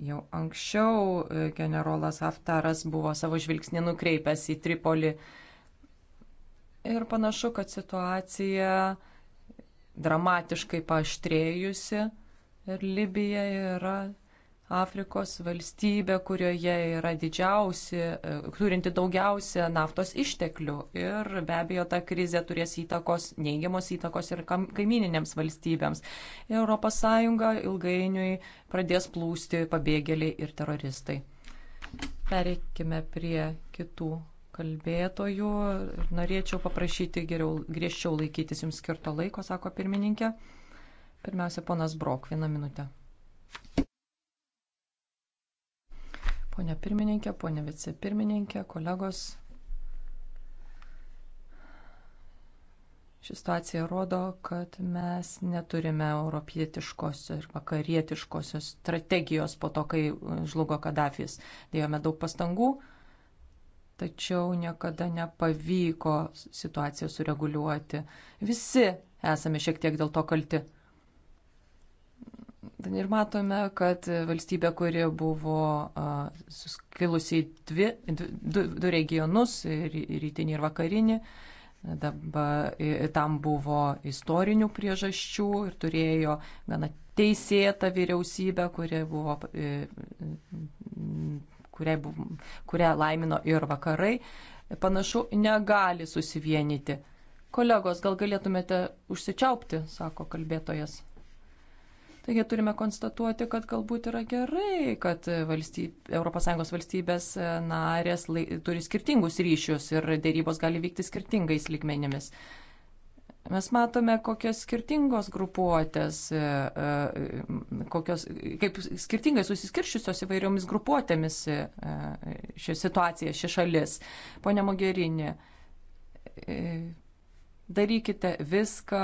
Speaker 1: Jau anksčiau generolas Haftaras buvo savo žvilgsnį nukreipęs į Tripolį ir panašu, kad situacija dramatiškai paaštrėjusi ir Libija yra Afrikos valstybė, kurioje yra didžiausi, turinti daugiausia naftos išteklių. Ir be abejo, ta krizė turės įtakos, neigiamos įtakos ir kaimininėms valstybėms. ES ilgainiui pradės plūsti pabėgėliai ir teroristai. Pereikime prie kitų kalbėtojų. Norėčiau paprašyti geriau, griežčiau laikytis jums skirto laiko, sako pirmininkė. Pirmiausia, ponas Brok, vieną minutę. Pone pirmininkė, pone vicepirmininkė, kolegos. Ši situacija rodo, kad mes neturime europietiškosios ir vakarietiškosios strategijos po to, kai žlugo Kadafis. Dėjome daug pastangų, tačiau niekada nepavyko situaciją sureguliuoti. Visi esame šiek tiek dėl to kalti. Ir matome, kad valstybė, kuri buvo suskilusi į dvi, du, du regionus, rytinį ir vakarinį, dabar tam buvo istorinių priežasčių ir turėjo gana teisėtą vyriausybę, kuri buvo kurią, kurią laimino ir vakarai, panašu, negali susivienyti. Kolegos, gal galėtumėte užsičiaupti, sako kalbėtojas. Taigi turime konstatuoti, kad galbūt yra gerai, kad valstyb, ES valstybės e, narės lai, turi skirtingus ryšius ir dėrybos gali vykti skirtingais lygmenėmis. Mes matome, kokios skirtingos grupuotės, e, e, kokios, kaip skirtingai susiskirščiusios įvairiomis grupuotėmis e, ši situacija, ši šalis. Pone Mogerinė, darykite viską,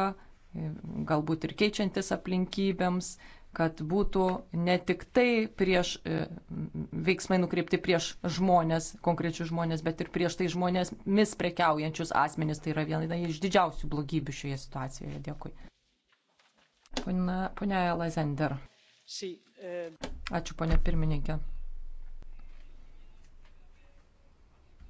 Speaker 1: galbūt ir keičiantis aplinkybėms, kad būtų ne tik tai prieš e, veiksmai nukreipti prieš žmonės, konkrečius žmonės, bet ir prieš tai žmonėmis prekiaujančius asmenys. Tai yra viena iš didžiausių blogybių šioje situacijoje. Dėkui. Pone Lazender. E, Ačiū, ponė pirmininkė.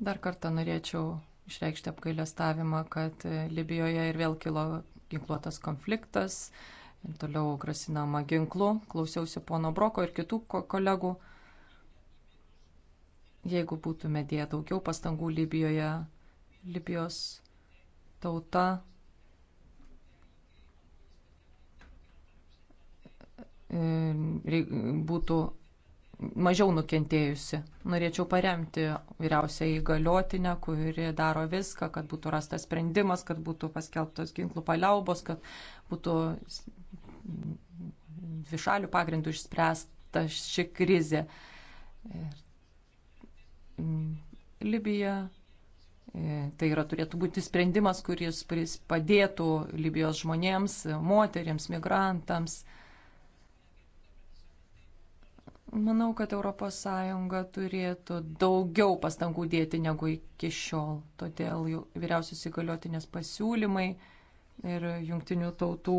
Speaker 1: Dar kartą norėčiau išreikšti apgailestavimą, kad Libijoje ir vėl kilo ginkluotas konfliktas ir toliau grasinama ginklu. Klausiausi pono Broko ir kitų kolegų. Jeigu būtume dėję daugiau pastangų Libijoje, Libijos tauta e, būtų mažiau nukentėjusi. Norėčiau paremti vyriausią įgaliotinę, kuri daro viską, kad būtų rastas sprendimas, kad būtų paskelbtos ginklų paliaubos, kad būtų dvišalių pagrindų išspręsta ši krizė. Ir mm, Libija. E, tai yra turėtų būti sprendimas, kuris padėtų Libijos žmonėms, moteriams, migrantams. Manau, kad ES turėtų daugiau pastangų dėti negu iki šiol. Todėl vyriausios įgaliotinės pasiūlymai ir jungtinių tautų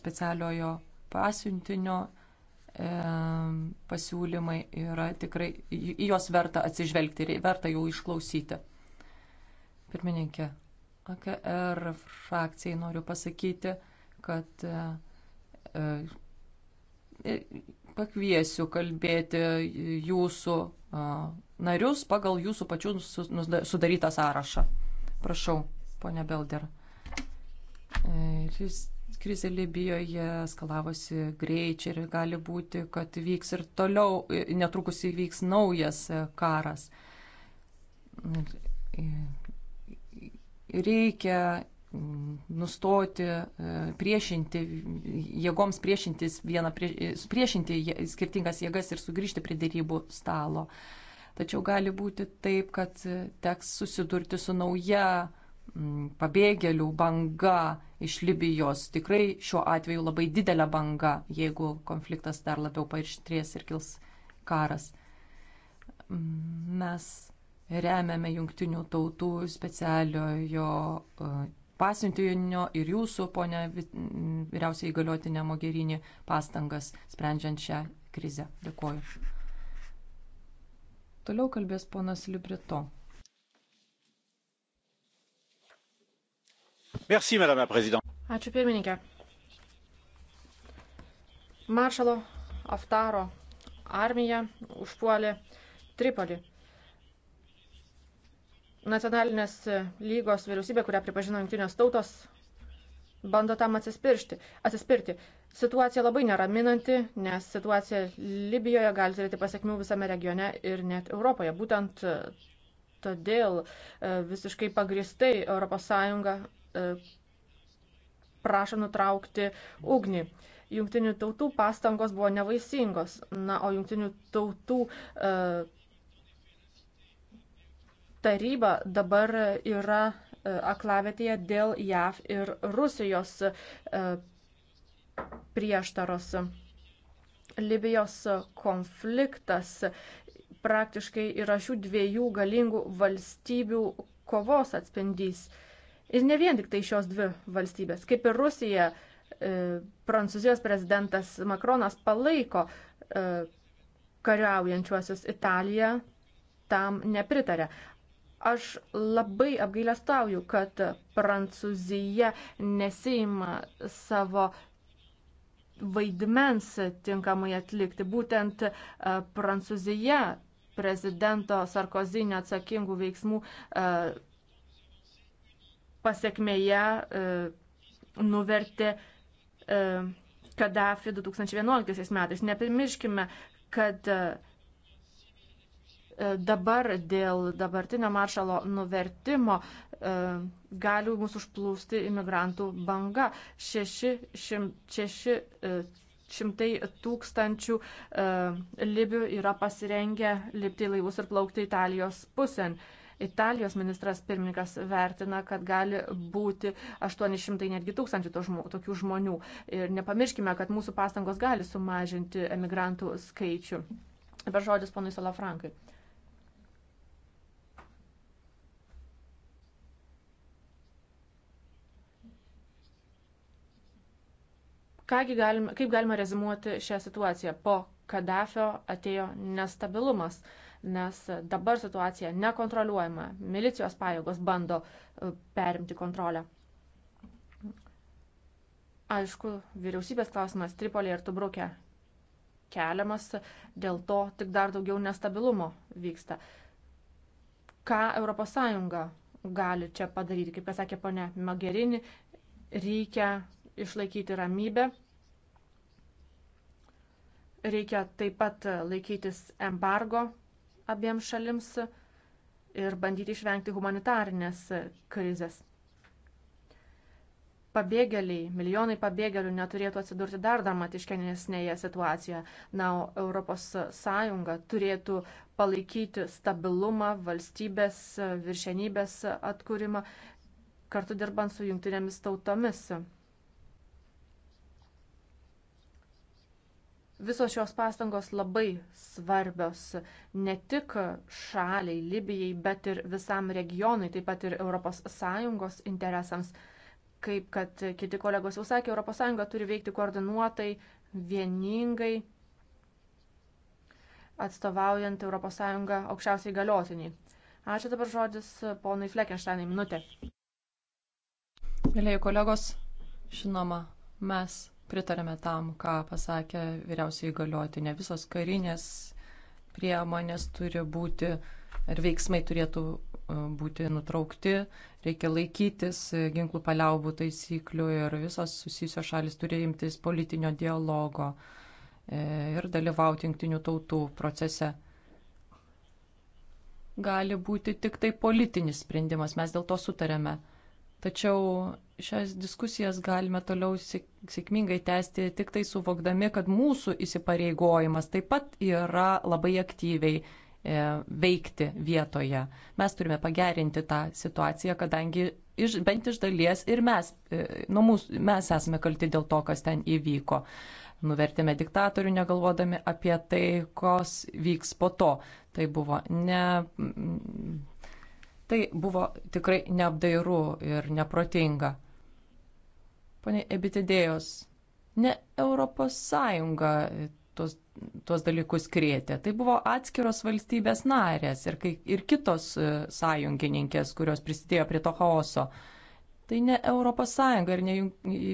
Speaker 1: specialiojo pasiuntinio e, pasiūlymai yra tikrai, į juos verta atsižvelgti ir verta jų išklausyti. Pirmininkė, AKR frakcijai noriu pasakyti, kad e, e, pakviesiu kalbėti jūsų narius pagal jūsų pačių sudarytą sąrašą. Prašau, ponia Belder. E, krizė Libijoje skalavosi greičiai ir gali būti, kad vyks ir toliau, e, netrukus įvyks naujas e, karas. Reikia nustoti e, priešinti, jėgoms priešintis vieną, e, priešinti skirtingas jėgas ir sugrįžti prie dėrybų stalo. Tačiau gali būti taip, kad e, teks susidurti su nauja pabėgėlių banga iš Libijos, tikrai šiuo atveju labai didelė banga, jeigu konfliktas dar labiau paaištrės ir kils karas. Mes remiame jungtinių tautų specialiojo pasiuntinio ir jūsų, ponia vyriausiai įgaliotinė Mogerinė, pastangas sprendžiant šią krizę. Dėkuoju. Toliau kalbės ponas Librito. Merci, madame la présidente.
Speaker 2: Ačiū pirmininkė. Maršalo Aftaro armija užpuolė Tripolį nacionalinės lygos vyriausybė, kurią pripažino jungtinės tautos, bando tam atsispirti. atsispirti. Situacija labai neraminanti, nes situacija Libijoje gali turėti pasiekmių visame regione ir net Europoje. Būtent e, todėl e, visiškai pagristai ES e, prašo nutraukti ugnį. Jungtinių tautų pastangos buvo nevaisingos, na, o jungtinių tautų uh, taryba dabar yra e, aklavėtėje dėl JAV ir Rusijos e, prieštaros. Libijos konfliktas praktiškai yra šių dviejų galingų valstybių kovos atspindys. Ir ne vien tik tai šios dvi valstybės. Kaip ir Rusija, e, Prancūzijos prezidentas Makronas palaiko kariaujančiuosius Italiją tam nepritarė. Aš labai apgailestauju, kad Prancūzija nesima savo vaidmens tinkamai atlikti. Būtent e, Prancūzija prezidento Sarkozinio atsakingų veiksmų e, pasiekmėje e, nuvertė Kadafi 2011 metais. Nepamirškime, kad E, dabar dėl dabartinio maršalo nuvertimo e, gali mūsų užplūsti imigrantų banga. 600 e, tūkstančių libių yra pasirengę lipti į laivus ir plaukti Italijos pusėn. Italijos ministras pirmininkas vertina, kad gali būti 800 netgi tūkstančių to žmo, tokių žmonių. Ir nepamirškime, kad mūsų pastangos gali sumažinti emigrantų skaičių. Dabar žodis ponui Salafrankai. Kągi galime, kaip galima rezimuoti šią situaciją? Po Kadafio atėjo nestabilumas, nes dabar situacija nekontroliuojama. Milicijos pajėgos bando e, perimti kontrolę. Aišku, vyriausybės klausimas Tripolė ir Tubrukė keliamas, dėl to tik dar daugiau nestabilumo vyksta. Ką ES gali čia padaryti, kaip pasakė ponia Magerini, reikia išlaikyti ramybę. Reikia taip pat laikytis embargo abiems šalims ir bandyti išvengti humanitarinės krizės. Pabėgėliai, milijonai pabėgėlių neturėtų atsidurti dar dramatiškesnėje situacijoje. Na, o ES turėtų palaikyti stabilumą, valstybės viršenybės atkūrimą, kartu dirbant su jungtinėmis tautomis. Visos šios pastangos labai svarbios ne tik šaliai, Libijai, bet ir visam regionui, taip pat ir ES interesams. Kaip kad kiti kolegos jau sakė, ES turi veikti koordinuotai, vieningai, atstovaujant ES aukščiausiai galiotiniai. Ačiū dabar žodis ponui Fleckensteinai minutė.
Speaker 1: Mėlyi kolegos, žinoma, mes Pritarėme tam, ką pasakė vyriausiai įgaliotinė. Visos karinės priemonės turi būti ir veiksmai turėtų e, būti nutraukti, reikia laikytis ginklų paliaubų taisyklių ir visos susijusios šalis turi imtis politinio dialogo e, ir dalyvauti jungtinių tautų procese. Gali būti tik tai politinis sprendimas, mes dėl to sutarėme. Tačiau šias diskusijas galime toliau sėkmingai tęsti tik tai suvokdami, kad mūsų įsipareigojimas taip pat yra labai aktyviai e, veikti vietoje. Mes turime pagerinti tą situaciją, kadangi iš, bent iš dalies ir mes, e, nu, mūsų, mes esame kalti dėl to, kas ten įvyko. Nuvertėme diktatorių, negalvodami apie tai, kas vyks po to. Tai buvo ne Tai buvo tikrai neapdairu ir neprotinga. Pane Ebitidėjos, ne Europos Sąjunga tuos, tuos dalykus krėtė. Tai buvo atskiros valstybės narės ir, kai, ir kitos e, sąjungininkės, kurios prisidėjo prie to chaoso. Tai ne Europos Sąjunga ir ne